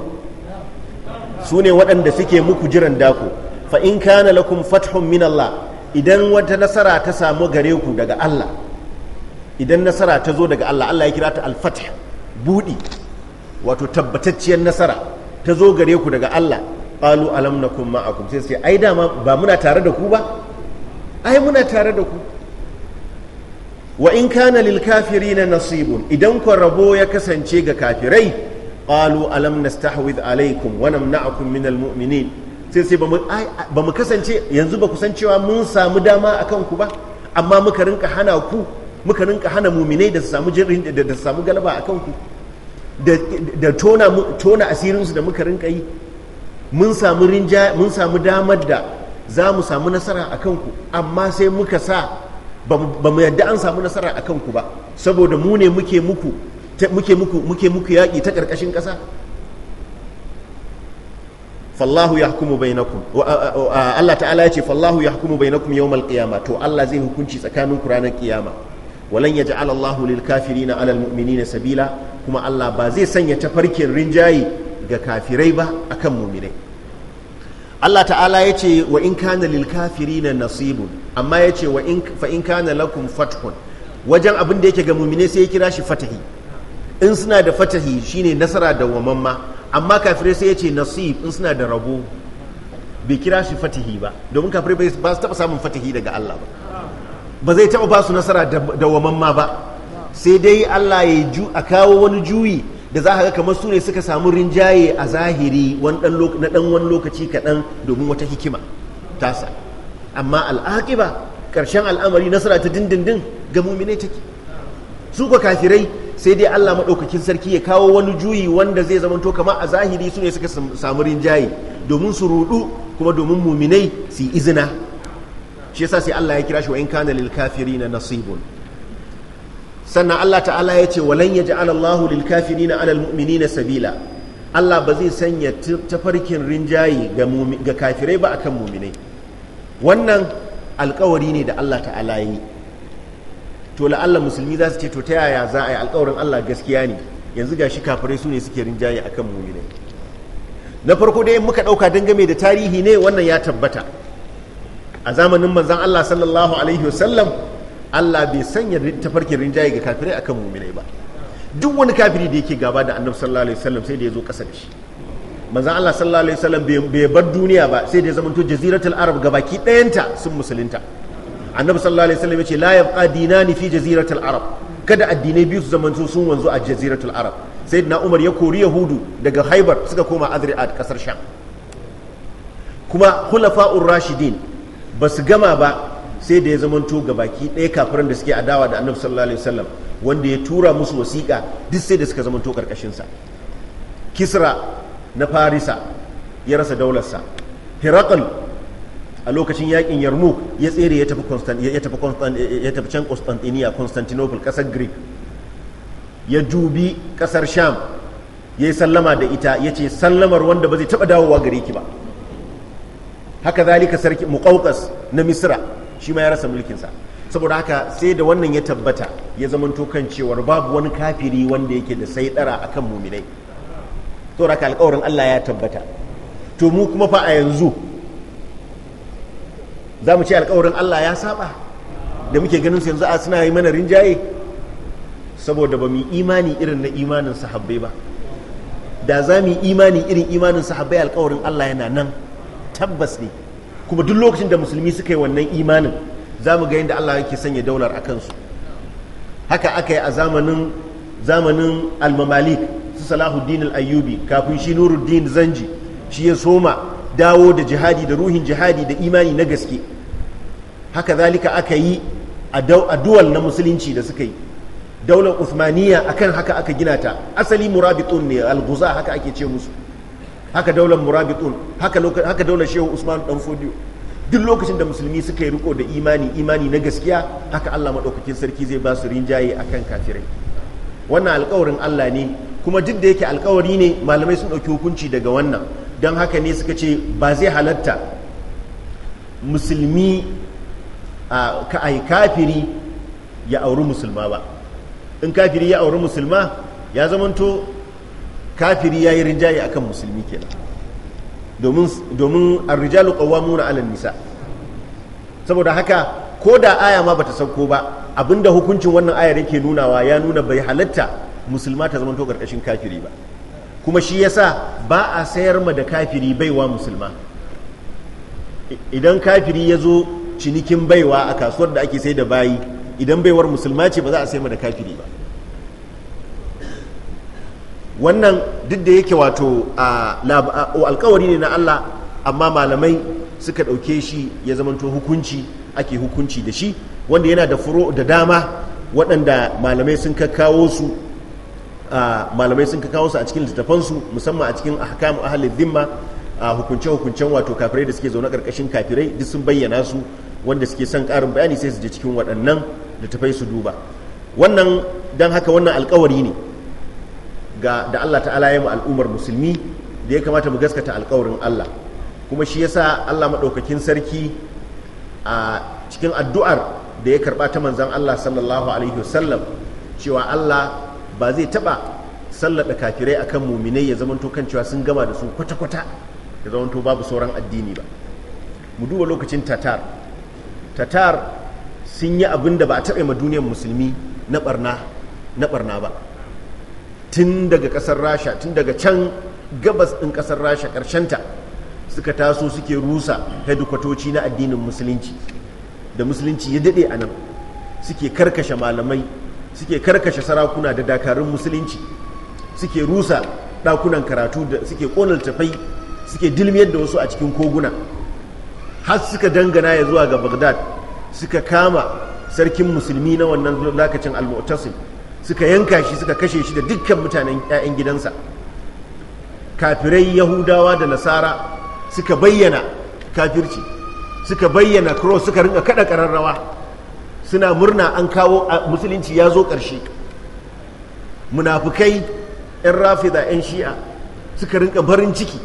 su ne waɗanda suke muku jiran dako fa in kana lakum fathun min Allah idan wata nasara ta samu gare ku daga Allah idan nasara ta zo daga Allah Allah ya kira ta al-fath budi wato tabbatacciyar nasara ta zo gare ku daga Allah qalu alam nakum ma'akum sai sai ai dama ba muna tare da ku ba ai muna tare da ku wa in kana lil kafirina nasibun idan ku rabo ya kasance ga kafirai qalu alam nastahwid alaikum wa namna'akum al mu'minin sai sai ba mu kasance yanzu ba ku cewa mun samu dama a kanku ba amma muka rinka hana ku muka rinka hana muminai da su samu da galaba a kanku da tona asirinsu da muka rinka yi mun samu rinja damar da za mu samu nasara a kanku amma sai muka sa ba mu yadda an samu nasara a kanku ba saboda mu ne muke muke muku yaƙi ta ƙarƙashin ƙasa fallahu yahkumu bainakum Allah ta'ala ya ce fallahu yahkumu bainakum yawmal qiyama to Allah zai hukunci tsakanin ku ranar kiyama walan yaj'al Allahu lil kafirina 'alal mu'minina sabila kuma Allah ba zai sanya tafarkin rinjayi ga kafirai ba akan mu'minai Allah ta'ala ya ce wa in kana lil na nasibu amma ya ce wa in kana lakum fathun wajen abin da yake ga muminai sai ya kira shi fatahi in suna da fatahi shine nasara da wamamma amma kafirai sai ya ce nasib in suna da rabo bai kira shi fatihi ba domin kafirai ba su taba samun fatihi daga Allah ba ba zai taɓa ba su nasara da wamamma ba sai dai Allah ya ju a kawo wani juyi da za a ga kamar su ne suka samu rinjaye a zahiri na dan wani lokaci kaɗan domin wata hikima tasa amma al'aƙiba ƙarshen al'amari nasara ta dindindin ga mumine take su kafirai sai dai Allah maɗaukakin sarki ya kawo wani juyi wanda zai zamanto kama a zahiri su ne suka samu rinjaye domin su rudu kuma domin muminai su yi izina shi yasa sai Allah ya kira shi wa in kana lil kafirina nasibun sannan Allah ta'ala ya ce walan ji Allahu lil kafirina 'ala al mu'minina sabila Allah ba zai sanya tafarkin rinjaye ga kafirai ba akan muminai wannan alkawari ne da Allah ta'ala ya yi to la'alla musulmi za su ce to ta yaya za a yi alkawarin Allah gaskiya ne yanzu gashi kafirai su ne suke rinjaye akan mu'minai na farko dai muka dauka dangame da tarihi ne wannan ya tabbata a zamanin manzon Allah sallallahu alaihi wasallam Allah bai sanya tafarkin rinjaye ga kafirai akan mu'minai ba duk wani kafiri da yake gaba da annabi sallallahu alaihi wasallam sai da ya zo kasa da shi manzon Allah sallallahu alaihi wasallam bai bar duniya ba sai da ya zama to jaziratul arab gabaki ɗayanta sun musulunta annabi sallallahu alaihi wasallam yace la yabqa dinani fi jaziratul arab kada addinai biyu su zamanto sun wanzu a jaziratul arab sayyidina umar ya kori yahudu daga haibar suka koma azri'at kasar sham kuma khulafa'ur rashidin ba su gama ba sai da ya zamanto baki ɗaya kafiran da suke adawa da annabi sallallahu alaihi wasallam wanda ya tura musu wasiƙa duk sai da suka zamanto karkashin sa kisra na farisa ya rasa daularsa hirakal a lokacin yakin yarmouk ya tsere ya tafi can constantiniya constantinople kasar greek ya dubi kasar sham ya yi sallama da ita ya ce sallamar wanda ba zai taba dawowa gare ki ba haka zalika sarki muƙauƙas na misra shi ma ya rasa mulkinsa saboda haka sai da wannan ya tabbata ya zamanto kan cewar babu wani kafiri wanda yake da sai dara akan muminai saboda haka alƙawarin allah ya tabbata to mu kuma fa a yanzu za mu ce alkawarin Allah ya saba da muke ganin su yanzu a suna yi mana rinjaye saboda ba mu imani irin na imanin sahabbai ba da za mu imani irin imanin sahabbai alkawarin Allah yana nan tabbas ne kuma duk lokacin da musulmi suka yi wannan imanin za mu ga yadda Allah yake sanya daular a kansu haka aka yi a zamanin zamanin almamalik su salahuddin al-ayyubi kafin shi nuruddin zanji shi ya soma dawo da jihadi da ruhin jihadi da imani na gaske haka zalika aka yi a duwal na musulunci da suka yi daular usmaniya akan haka aka gina ta asali murabitun ne alguza haka ake ce musu haka daular murabitun haka, daular shehu usman dan fodiyo duk lokacin da musulmi suka yi riko da imani imani na gaskiya haka allah maɗaukakin sarki zai ba su rinjaye akan kafirai wannan alkawarin allah ne kuma duk da yake alkawari ne malamai sun ɗauki hukunci daga wannan don haka ne suka ce ba zai halatta musulmi ka a kafiri ya auri musulma ba in kafiri ya auri musulma ya zamanto kafiri ya yi rinjaye akan musulmi kenan domin a arrijalu qawwamuna 'ala nisa saboda haka ko da aya ma bata sauko ba abinda hukuncin wannan ayar yake nunawa ya nuna bai halatta musulma ta zamanto ƙarƙashin kafiri ba kuma shi yasa ba a sayar ma da kafiri baiwa musulma idan kafiri ya zo cinikin baiwa a kasuwar da ake sai da bayi idan baiwar musulma ce ba za a sayar ma da kafiri ba wannan duk da yake wato alkawari ne na Allah amma malamai suka ɗauke shi ya zamanto hukunci ake hukunci da shi wanda yana da furo da dama waɗanda malamai sun kakkawo su malamai sun ka kawo su a cikin littafansu musamman a cikin ahkamu ahalin dhimma a hukunce-hukuncen wato kafirai da suke zaune karkashin kafirai duk sun bayyana su wanda suke son karin bayani sai su je cikin waɗannan littafai su duba wannan don haka wannan alkawari ne ga da Allah ta'ala ya mu al'ummar musulmi da ya kamata mu gaskata alkawarin Allah kuma shi yasa Allah madaukakin sarki a cikin addu'ar da ya karba ta manzon Allah sallallahu alaihi wasallam cewa Allah ba zai taba sallada kafirai akan muminai ya zamanto kan cewa sun gama da su kwata-kwata ya zamanto babu sauran addini ba mu duba lokacin tatar tatar sun yi abin da ba a taɓa ma duniyar musulmi na barna na barna ba tun daga ƙasar rasha tun daga can gabas ɗin ƙasar rasha ta suka taso suke rusa hedikwatoci na addinin musulunci da musulunci ya daɗe a nan suke karkashe malamai suke karkashe sarakuna da dakarun musulunci suke rusa dakunan karatu da suke ƙona tafai suke dilmiyar da wasu a cikin koguna har suka dangana ya zuwa ga bagdad suka kama sarkin musulmi na wannan lokacin al-mu'tasim suka yanka shi suka kashe shi da dukkan mutanen 'ya'yan gidansa kafirai yahudawa da nasara suka bayyana kafirci suka bayyana cross suka rinka kada kararrawa suna murna an kawo musulunci ya zo ƙarshe munafukai 'yan rafida 'yan shi'a suka rinka farin ciki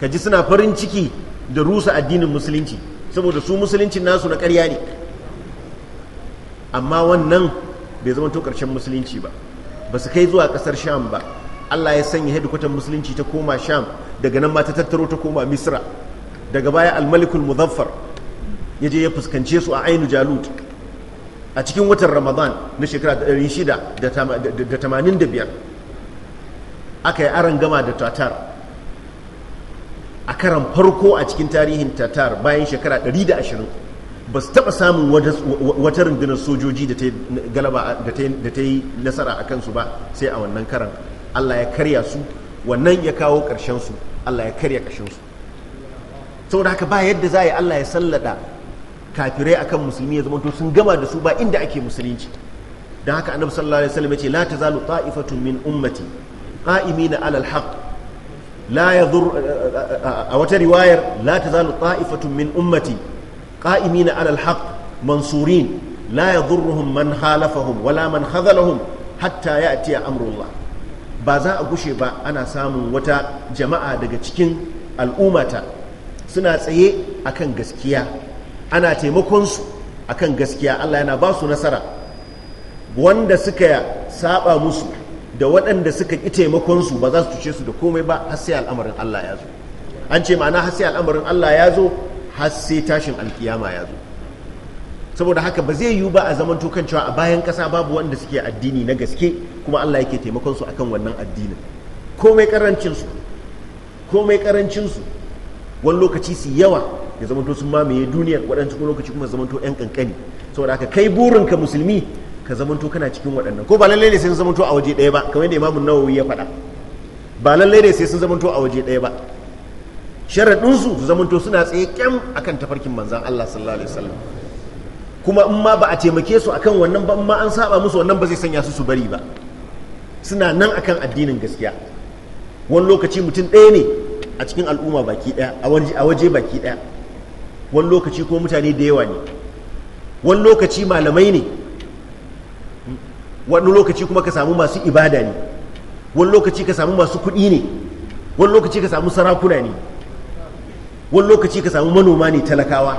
kaji suna farin ciki da rusa addinin musulunci saboda su musuluncin nasu na ƙarya ne amma wannan bai zama to ƙarshen musulunci ba ba su kai zuwa ƙasar sham ba allah ya sanya hedikwatan musulunci ta koma sham daga nan ma ta tattaro ta koma misra daga baya almalikul muzaffar ya je ya fuskance su a ainu jalut a cikin watan ramadan na shekara 685 aka yi aron gama da tatar a karan farko a cikin tarihin tatar bayan shekara 120 ba su taɓa samun wata rundunar sojoji da ta yi nasara a kansu ba sai a wannan karan allah ya karya su wannan ya kawo su allah ya karya ƙarshensu saboda haka ba yadda za a yi allah ya sallada kafirai akan musulmi ya zamanto sun gama da su ba inda ake musulunci don haka annabi sallallahu alaihi wasallam yace la tazalu ta'ifatun min ummati qa'imina ala haq la yadur a wata riwayar la tazalu ta'ifatun min ummati qa'imina ala alhaq mansurin la yadurruhum man halafahum wala man khazalahum hatta ya'ti amrullah ba za a gushe ba ana samun wata jama'a daga cikin al'ummata suna tsaye akan gaskiya ana taimakonsu akan gaskiya Allah yana ba su nasara wanda suka saba musu da waɗanda suka ƙi taimakonsu ba za su su da komai ba har sai al'amarin Allah ya zo an ce ma'ana har sai al'amarin Allah ya zo har tashin alkiyama ya zo saboda haka ba zai yiwu ba a zaman kan cewa a bayan ƙasa babu wanda suke addini na gaske kuma Allah yake taimakon su akan wannan addinin komai karancin komai karancin su wani lokaci su yawa ya zamanto sun mamaye duniya waɗansu kuma lokaci kuma zamanto yan kankani saboda haka kai burin ka musulmi ka zamanto kana cikin waɗannan ko ba lallai ne sai sun zamanto a waje ɗaya ba kamar yadda imamu nawawi ya faɗa ba lallai ne sai sun to a waje ɗaya ba sharaɗin su zamanto suna tsaye kyam akan tafarkin manzan Allah sallallahu alaihi wasallam kuma in ma ba a taimake su akan wannan ba in ma an saba musu wannan ba zai sanya su su bari ba suna nan akan addinin gaskiya wani lokaci mutum ɗaya ne a cikin al'umma baki ɗaya a waje baki ɗaya wani lokaci ko mutane da yawa ne wani lokaci malamai ne wani lokaci kuma ka samu masu ibada ne wani lokaci ka samu masu kuɗi ne wani lokaci ka samu sarakuna ne wani lokaci ka samu manoma ne talakawa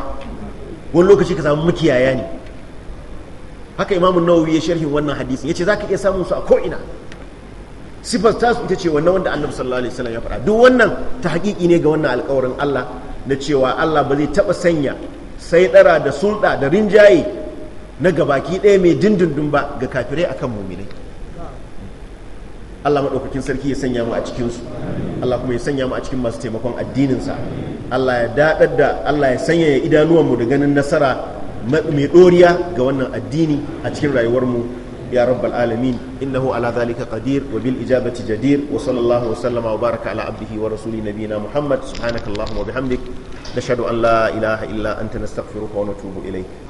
wani lokaci ka samu makiyaya ne haka imamun nawawi ya sharhin wannan hadisi ya ce za ka iya samun su a ko'ina sifar tasu ita ce wannan wanda annabi sallallahu alaihi wasallam ya faɗa duk wannan ta hakiki ne ga wannan alƙawarin Allah na cewa Allah ba zai taɓa sanya sai ɗara da sulɗa da rinjaye na gabaki ɗaya mai dindindin ba ga kafirai akan muminai Allah maɗaukakin sarki ya sanya mu a cikinsu Allah kuma ya sanya mu a cikin masu taimakon addininsa Allah ya daɗar da Allah ya sanya ya idanuwanmu da ganin nasara mai ɗoriya ga wannan addini a cikin rayuwarmu يا رب العالمين إنه على ذلك قدير وبالإجابة جدير وصلى الله وسلم وبارك على عبده ورسوله نبينا محمد سبحانك اللهم وبحمدك نشهد أن لا إله إلا أنت نستغفرك ونتوب إليك